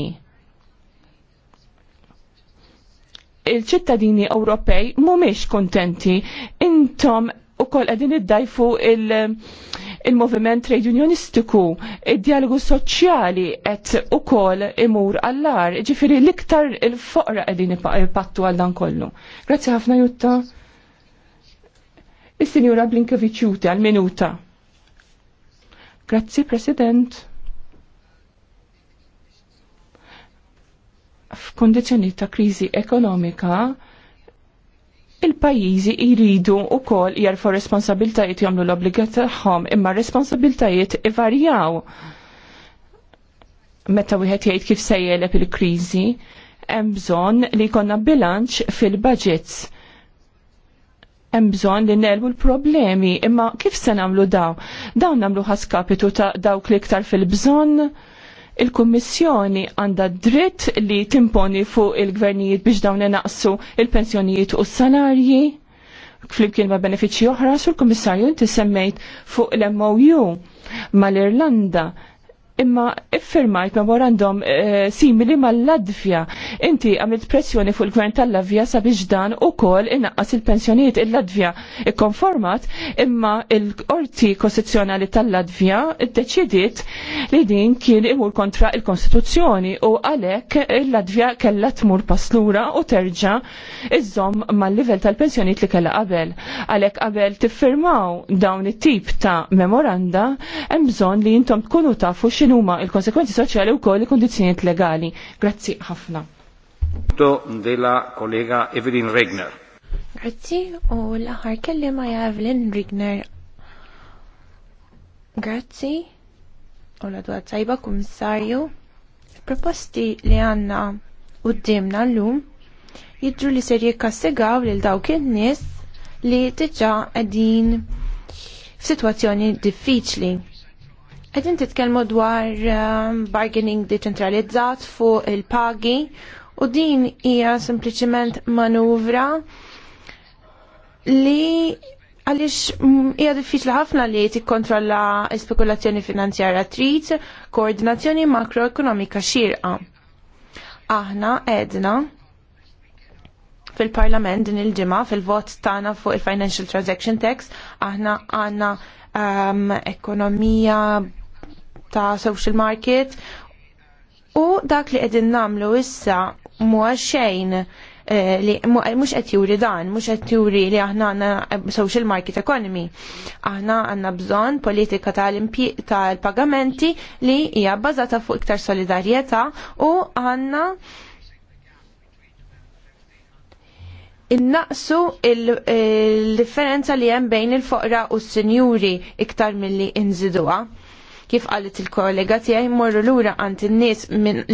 Il-ċittadini Ewropej mumiex kontenti intom u koll għedin id-dajfu il- il-moviment trade unionistiku, il-dialogu soċjali et u kol imur għallar, ġifiri l-iktar il-foqra għedin pattu dan kollu. Grazie ħafna Jutta. Il-Sinjura Blinkovic Juti għal-minuta. Grazzi, President. F'kondizjoni ta' krizi ekonomika, il-pajjiżi jridu wkoll jarfu responsabiltajiet jagħmlu l-obbligat tagħhom imma responsabiltajiet ivarjaw meta wieħed jgħid kif se jeleb il-kriżi hemm bżonn li jkollna bilanċ fil-budgets hemm bżonn li nelbu l-problemi, imma kif se nagħmlu daw? Dawn nagħmlu ħaskapitu ta' dawk li iktar fil-bżonn il-Kummissjoni għandha dritt li timponi fuq il-gvernijiet biex dawn naqsu il-pensjonijiet u s-salarji flimkien ma' benefiċċji oħra sur kummissarju inti semmejt fuq l-MOU mal-Irlanda imma iffirmajt memorandum e, simili mal-Ladvja. Inti għamilt pressjoni fuq il-gvern tal-Ladvja sabiex dan u kol innaqqas il-pensjoniet il-Ladvja ikkonformat imma il-Qorti Kostituzzjonali tal-Ladvja id-deċidiet li din kien imur kontra il-Kostituzzjoni u għalek il-Ladvja kella tmur paslura u terġa iżom mal-livell tal-pensjoniet li kella qabel. Għalek qabel tiffirmaw dawn it-tip ta' memoranda, hemm bżonn li jintom tkunu tafu xi xinuma il-konsekwenzi soċjali wkoll il-kondizzjonijiet legali. Grazzi ħafna. della kollega Evelyn Regner.
Grazzi u l-aħħar kellima ja Evelyn Regner. Grazzi u l-adwa tajba kummissarju. Proposti li għanna u d-dimna l-lum jidru li ser li lil dawk in-nies li diġà qegħdin f'sitwazzjoni diffiċli. Għedin titkelmu dwar ehm, bargaining decentralizzat fuq il-pagi u din hija sempliciment manuvra li għalix mm, hija diffiċli ħafna li tikkontrolla l-spekulazzjoni finanzjara trid koordinazzjoni makroekonomika xirqa. Aħna edna fil-parlament din il-ġimgħa fil-vot tagħna fuq il-Financial Transaction Tax aħna għandna um, ekonomija ta' social market u dak li qegħdin namlu issa mhuwa xejn eh, li mhux qed juri dan, mhux qed juri li aħna għandna eh, social market economy. Aħna għandna bżonn politika tal-pagamenti li hija bbażata fuq iktar solidarjetà u għandna innaqsu il-differenza li hemm bejn il-foqra u s-sinjuri iktar milli inżiduha kif qalet il-kollega tiegħi morru lura għand in-nies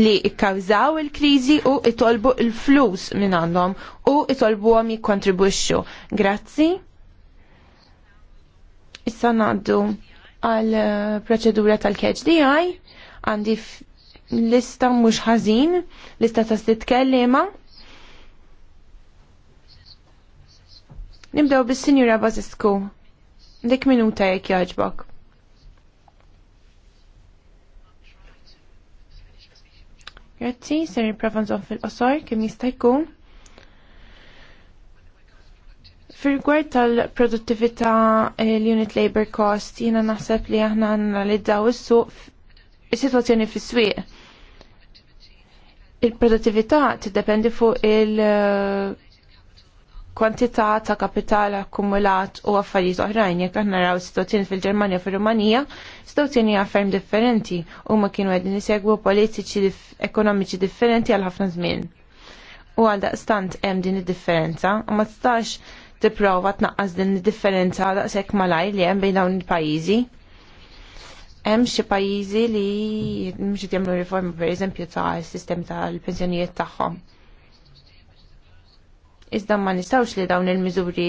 li kkawżaw il-kriżi u itolbu il-flus minn għandhom u itolbuhom jikkontribwixxu. Grazzi. Issa ngħaddu għal eh, proċedura tal-KHDI għandi lista mhux ħażin, lista ta' sitt kellima. Nibdew bis-Sinjura Bazisku. Dik minuta jekk jogħġbok. Grazzi, ser nipprova nżomm fil-qosor kemm jista' jkun. Fil-rigward tal-produttività eh, l-unit labor cost, jiena naħseb li aħna analizzaw is-suq is-sitwazzjoni fis-swieq. Il-produttività tiddependi fuq il- kwantità ta' kapital akkumulat u affarijiet oħrajn jekk aħna naraw situazzjoni fil-Ġermanja u fir-Rumanija, situazzjoni ferm differenti u ma kienu qegħdin isegwu politiċi ekonomiċi differenti għal ħafna żmien. U għal daqstant hemm din id-differenza u ma tistax tipprova tnaqqas din id-differenza daqshekk malaj li hemm bejn dawn il-pajjiżi. Hemm xi pajjiżi li mhux jagħmlu riformi pereżempju ta' sistemi tal-pensjonijiet tagħhom Iżda ma nistawx li dawn il-miżuri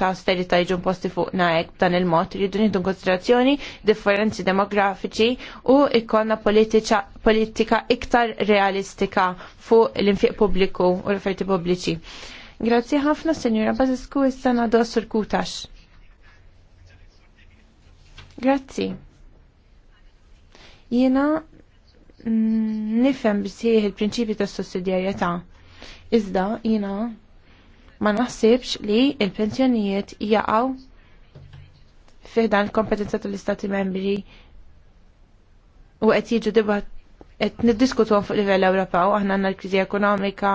ta' austerita jiġu posti fuqna hekk dan il-mod rridu nieħdu konsiderazzjoni differenzi demografiċi u ikkonna politika iktar realistika fuq l-infiq pubbliku u l-offerti pubbliċi. Grazzi ħafna, Senjora Bazisku, issa nadu sur kutax. Grazzi. Jiena mm, nifhem bisih il-prinċipju tas sussidjarjetà. Iżda jiena ma naħsibx li il-pensjonijiet jaqgħu fiħdan kompetenza tal-istati membri u qed jiġu dibat qed niddiskutu fuq livell Ewropew aħna għandna l-kriżi ekonomika,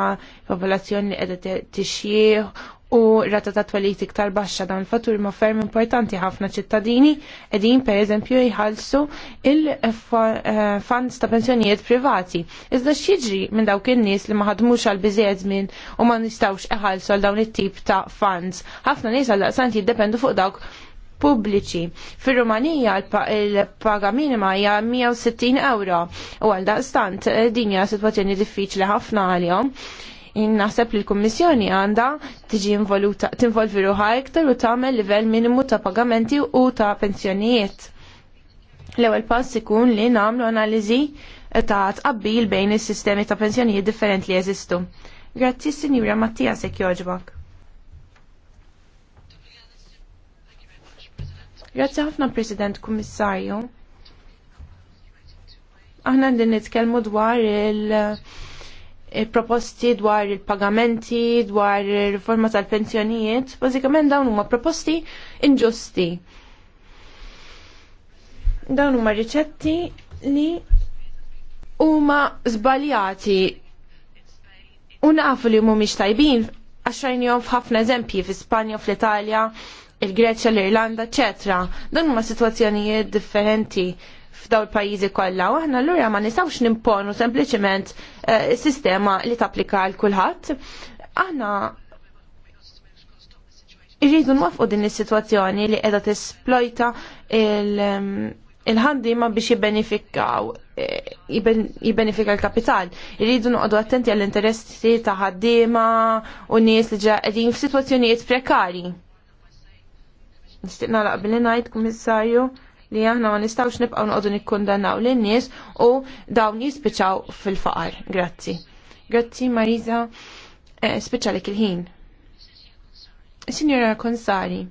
popolazzjoni qiegħda tixjih u rata ta' twelit iktar baxxa dan il-fattur ma' ferm importanti ħafna ċittadini edin per eżempju jħalsu il-funds eh, ta' pensjonijiet privati. Iżda xieġri minn dawk in-nies li ma ħadmux għal biżejjed minn u ma nistgħux iħallsu għal dawn it-tip ta' funds. Ħafna nies għal daqsant jiddependu fuq dawk pubbliċi. Fir-Rumanija il-paga minima hija 160 euro u għal daqstant eh, din hija sitwazzjoni diffiċli ħafna għalihom naħseb li l-Kummissjoni għandha tiġi tinvolvi ruħa iktar u tagħmel livell minimu ta' pagamenti u ta' pensjonijiet. L-ewwel pass ikun li nagħmlu analiżi ta' tqabbil bejn is-sistemi ta' pensjonijiet differenti li jeżistu. Grazzi Sinjura Mattia sek joġbok. Grazzi ħafna President Kummissarju. Aħna din nitkellmu dwar il- proposti dwar il-pagamenti, dwar il-riforma tal-pensjonijiet, bażikament dawn huma proposti inġusti. Dawn huma riċetti li huma żbaljati u nafu li mhumiex tajbin għaxajnijom f'ħafna eżempji f'Ispanja, fl-Italja, il-Greċja, l-Irlanda, eċetera. Dan huma sitwazzjonijiet differenti f'daw il-pajjiżi kollha u aħna lura ma nistgħux nimponu sempliċement eh, sistema li tapplika għal kulħadd. Aħna irridu nwafqu din is-sitwazzjoni li qiegħda tesplojta il ma biex jibbenifikaw eh, jibbenifika l-kapital. Irridu noqogħdu attenti għall-interessi ta' ħaddiema u nies li ġaqegħdin f'sitwazzjonijiet prekari. Nistiqna laqbel ngħid, Kummissarju li aħna ma nistawx nibqgħu noqogħdu nikkundannaw lin-nies u dawn jispiċċaw fil-faqar. Grazzi. Grazzi Marisa, eh, kil il-ħin. Signora Konsari.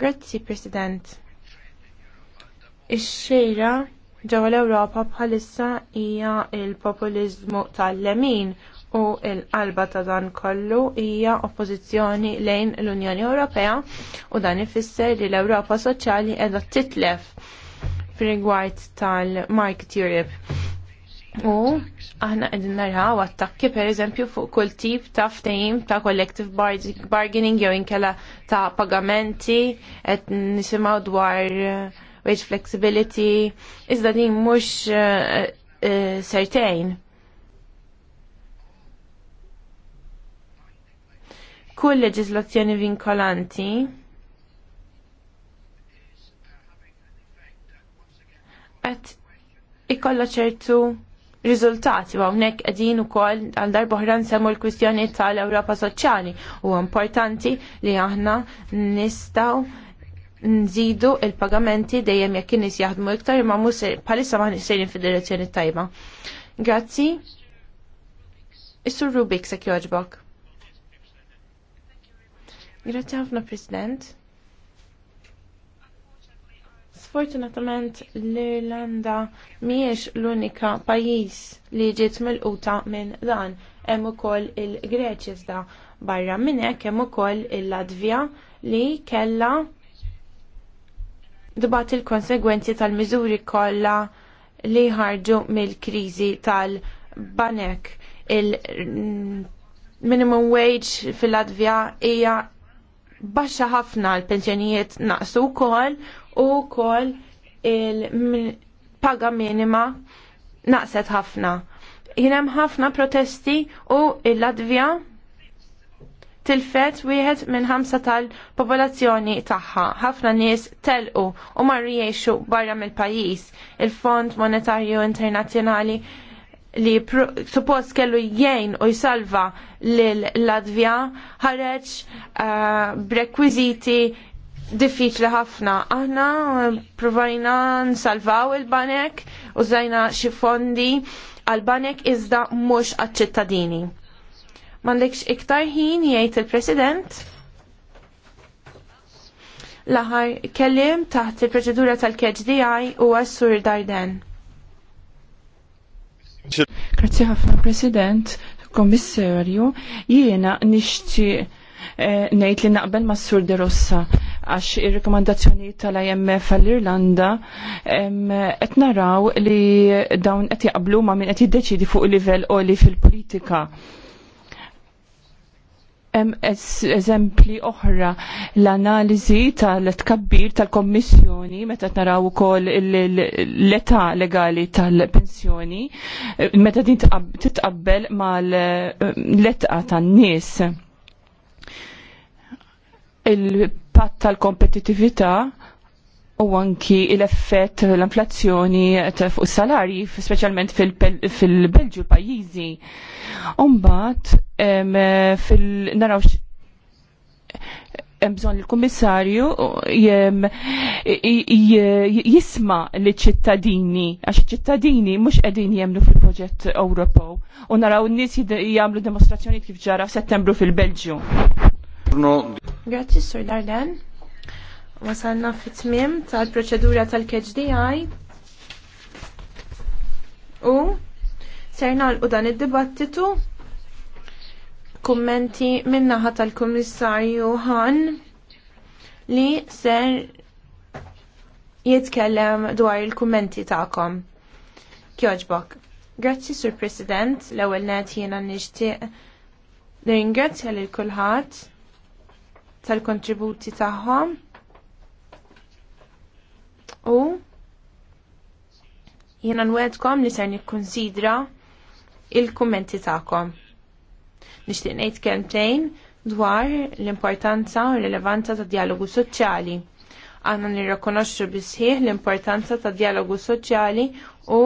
Grazzi, President. Ix-xejra ġewwa l-Ewropa bħalissa hija l populiżmu tal-lemin u l-qalba ta' dan kollu hija oppożizzjoni lejn l-Unjoni Ewropea u dan ifisser li l-Ewropa Soċjali qiegħda titlef fir-rigward tal-Market Europe. U aħna qegħdin narħaw attakki pereżempju fuq kull tip ta' ftehim ta' collective bargaining jew inkella ta' pagamenti qed nisimgħu dwar uh, wage flexibility iżda din mhux uh, uh, kull leġislazzjoni vinkolanti qed ikolla ċertu riżultati u hawnhekk qegħdin ukoll għal darba oħra nsemmu l-kwistjoni tal-Ewropa Soċjali u importanti li aħna nistgħu nżidu il-pagamenti dejjem jekk in-nies jaħdmu iktar imma mhux bħalissa ma nisejrin fid-direzzjoni tajba. Grazzi. Is-Sur Rubik se jogħġbok. Grazzi ħafna President. Sfortunatament l-Irlanda miex l-unika pajjiż li ġiet milquta minn dan. Hemm ukoll il greċis da barra minn hekk hemm ukoll il-Latvja li kellha dibat il-konsegwenzi tal-miżuri kollha li ħarġu mill-kriżi tal-banek il-minimum wage fil-Latvja hija baxxa ħafna l-pensjonijiet naqsu wkoll u kol il-paga minima naqset ħafna. Jien hemm ħafna protesti u il-Latvja tilfet wieħed minn ħamsa tal-popolazzjoni tagħha. Ħafna nies telqu u mar barra mill-pajjiż. Il-Fond Monetarju Internazzjonali li suppost kellu jgħin u jsalva l ladvja ħareġ uh, b'rekwiżiti diffiċli ħafna. Aħna provajna nsalvaw il-banek, użajna xi fondi għal-banek iżda mhux għaċ-ċittadini. M'għandekx iktar ħin jgħid il-President. L-aħħar kellim taħt il-proċedura tal-KHDI u
għassur Darden. Grazie ħafna, President, Komissarju, jiena nixti eh, nejt li naqbel ma' Sur de Rossa għax ir-rekomandazzjoni tal-IMF għall-Irlanda qed naraw li dawn qed jaqblu ma' min qed jiddeċidi fuq livell oli fil-politika eżempli oħra l-analiżi tal-tkabbir tal-Kommissjoni meta naraw ukoll l-età legali tal-pensjoni meta din titqabbel mal-età tan-nies il-patt tal-kompetitività u anki l-effett l-inflazzjoni fuq salari, specialment fil-Belġu pajizi. Umbat, fil-narawx bżon il-kommissarju jisma li ċittadini, għax ċittadini mux edin jemlu fil-proġett Ewropew. U naraw n-nis jgħamlu demonstrazzjoni kif ġara settembru fil-Belġu. Grazie,
Sur Darlene. Wasalna fit-tmiem tal-proċedura tal kdi u serna l dan id-dibattitu kummenti minnaħa tal-Kummissarju Han li ser jitkellem dwar il-kummenti ta'kom. Kjoġbok. Grazzi, Sur President, l-ewel net jiena nixtieq nirringrazzja lil kulħadd tal-kontributi tagħhom. U jiena nwedkom li ser nikkonsidra il-kummenti tagħkom. Nixtieq ngħid kemtejn dwar l-importanza u l-rilevanza ta' dialogu soċjali. Għanna nirrekonoxxu bisħiħ l-importanza ta' dialogu soċjali u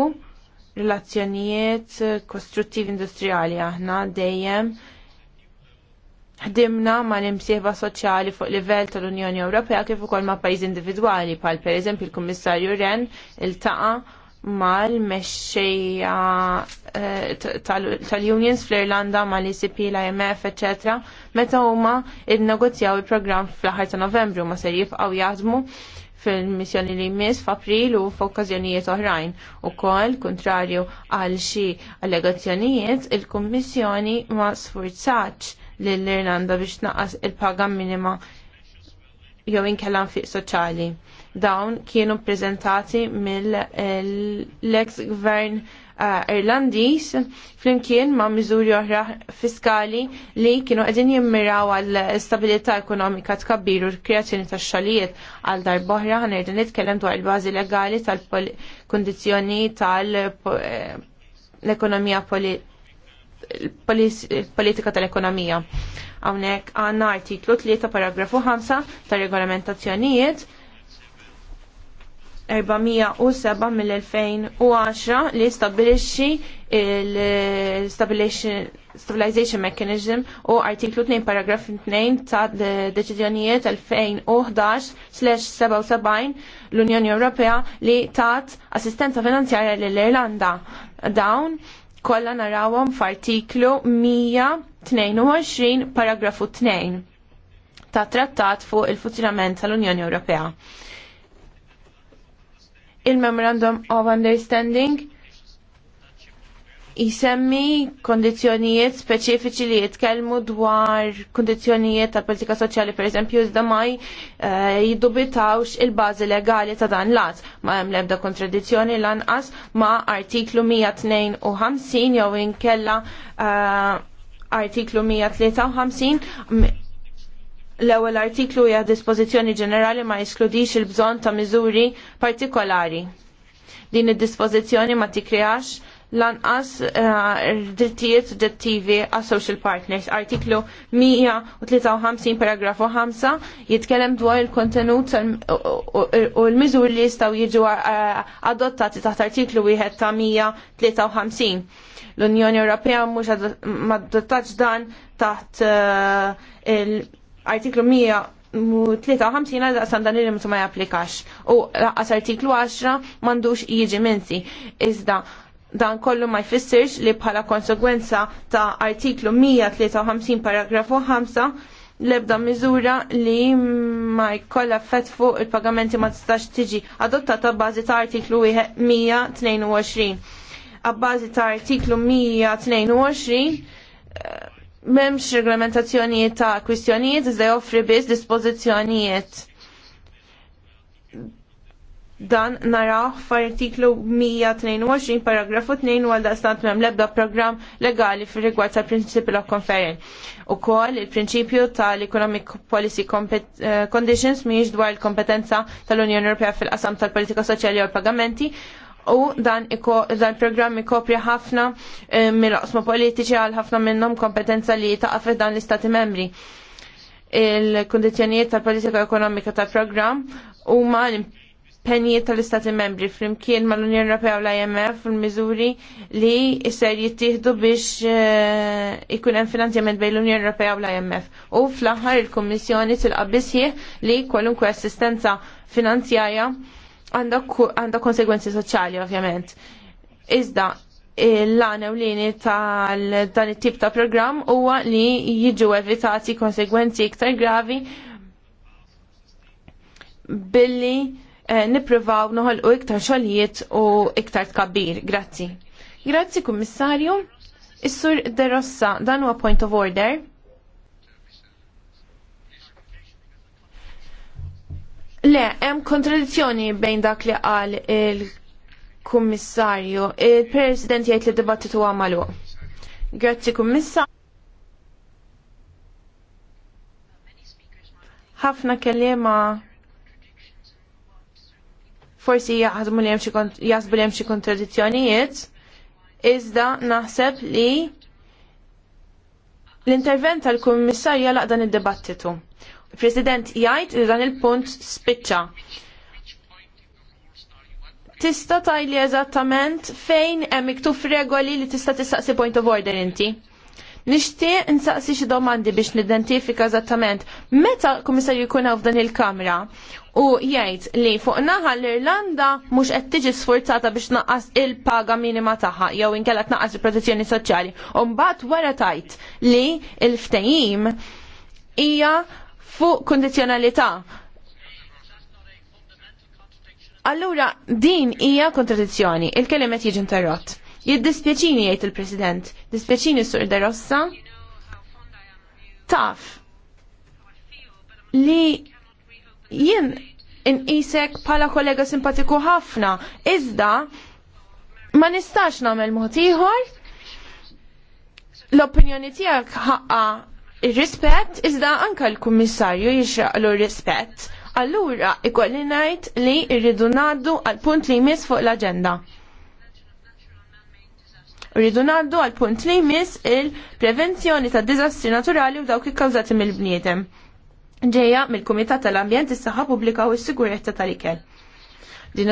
relazzjonijiet kostruttivi industrijali aħna dejjem ħdimna ma' l-imsieħba soċjali fuq livell tal-Unjoni Ewropea kif ukoll ma' pajjiż individwali bħal pereżempju il-Kummissarju Ren taqa mal-mexxejja eh, tal-unions fl-Irlanda mal-ICP, l-IMF, etc. meta huma nnegozjaw il-programm fl-aħħar ta' Novembru ma ser jibqgħu jaħdmu fil-missjoni li jmiss f'April u f'okkażjonijiet oħrajn. Ukoll, kontrarju għal xi allegazzjonijiet, il-Kummissjoni ma sfurzatx l irlanda biex tnaqqas il-paga minima jew inkellam fiq soċjali. Dawn kienu ppreżentati mill-ex gvern eh, Irlandiż flimkien ma' miżuri oħra fiskali li kienu qegħdin jimmiraw għal stabilità ekonomika tkabbiru l-kreazzjoni tax xogħlijiet għal darb'oħra ħanerdu nitkellem dwar il-bażi legali tal-kundizzjoni tal-ekonomija eh, politika politika tal-ekonomija. Hawnhekk għandna artiklu 3 paragrafu 5 ta' regolamentazzjonijiet 407 mill-2010 li stabilixxi il-stabilization mechanism u artiklu 2 paragraf 2 ta' deċiżjonijiet 2011/77 l-Unjoni Ewropea li tat assistenza finanzjarja lill-Irlanda. Dawn kollha narawhom f'artiklu 122 paragrafu 2 ta' trattat fuq il-funzjonament tal-Unjoni Ewropea. Il-Memorandum of Understanding jisemmi kondizjonijiet speċifiċi li jitkellmu dwar kondizjonijiet tal politika soċjali per eżempju iżda ma eh, jiddubitawx il-bażi legali ta' dan lat ma hemm l-ebda kontradizzjoni lanqas ma' artiklu 152 jew inkella eh, artiklu 153 l-ewwel artiklu hija dispożizzjoni ġenerali ma jiskludix il-bżonn ta' miżuri partikolari. Din id-dispożizzjoni ma tikkreax lanqas eh, drittijiet dettivi għas social partners. Artiklu 153 paragrafu 5 jitkellem dwar il-kontenut u l-miżur li jistgħu jiġu eh, adottati taħt artiklu wieħed ta' 153. L-Unjoni Ewropea mhux adottax dan taħt l-artiklu 153 53 għal dan il ma japplikax. U għas artiklu 10 mandux jiġi minsi. Iżda Dan kollu ma jfissirx li bħala konsegwenza ta' artiklu 153 paragrafu 5 l-ebda miżura li ma jkollha fett fuq il-pagamenti ma tistax tiġi adottata bbażi ta' artiklu 122. Abbażi ta' artiklu 122 eh, m'hemmx reglamentazzjonijiet ta' kwistjonijiet iżda joffri biss dispożizzjonijiet dan naraw f'artiklu 122 paragrafu 2 għal daqstant mem lebda program legali fil rigward tal prinċipju la konferen. U kol il-prinċipju tal-Economic Policy eh, Conditions miex dwar il-kompetenza tal-Unjoni Ewropea fil-qasam tal-politika soċjali u l-pagamenti u dan, iko, dan program ħafna eh, mill-qsma politiċi għal ħafna minnhom kompetenza li taqaf dan l-istati membri il-kondizjonijiet tal-politika ekonomika tal-program u ma penji tal-Istati membri flimkien mal-Unjoni Ewropea u l-IMF u l-miżuri li jisser jittieħdu biex eh, ikun hemm finanzjament bejn l-Unjoni Ewropea u l-IMF. U fl-aħħar il-Kummissjoni tilqa' bisħieħ li kwalunkwe assistenza finanzjarja għandha konsegwenzi soċjali ovvjament. Iżda l-għana lini tal-dan it-tip ta' programm huwa li jiġu evitati konsegwenzi iktar gravi billi Eh, niprivaw noħolqu iktar xogħlijiet u iktar tkabbir. Grazzi. Grazzi, Kummissarju. Is-Sur De Rossa, dan huwa point of order. Le, hemm kontradizzjoni bejn dak li qal il-Kummissarju. Il-President jgħid li dibattitu għamalu. Grazzi, Kummissarju. ħafna kelliema forsi jaħdmu li jasbu li hemm xi kontradizzjonijiet, iżda naħseb li l-intervent tal-Kummissarja laqdan dan id-dibattitu. president jgħid li dan il-punt spiċċa. Tista' tajli eżattament fejn hemm iktuf regoli li tista' tistaqsi point of order inti? Nixtieq nsaqsi xi domandi biex nidentifika eżattament meta kummissarju jkun hawn f'dan il-Kamra u jgħid li fuq naħa l-Irlanda mhux qed tiġi sforzata biex naqqas il-paga minima tagħha jew inkella tnaqqas il-protezzjoni soċjali. U mbagħad wara tajt li l-ftehim hija fuq kondizjonalità. Allura din hija kontradizzjoni, il-kelimet jiġi interrott. Jiddispjaċini jgħid il-President, dispieċini sur Derossa. Taf li jien inqisek bħala kollega simpatiku ħafna, iżda ma nistax nagħmel mod ieħor l-opinjoni tiegħek ħaqqa rispett iżda anke l-kummissarju l rispett. Allura ikolli ngħid li rridu ngħaddu għal punt li jmiss fuq l-aġenda. Rridu naddu għal punt li jmiss il-prevenzjoni ta' diżastri naturali u dawk ikkawżati mill-bniedem. Ġejja mill-Kumitat tal-Ambjent, is-Saħħa Pubblika u s-Sigurezza tal-Ikel.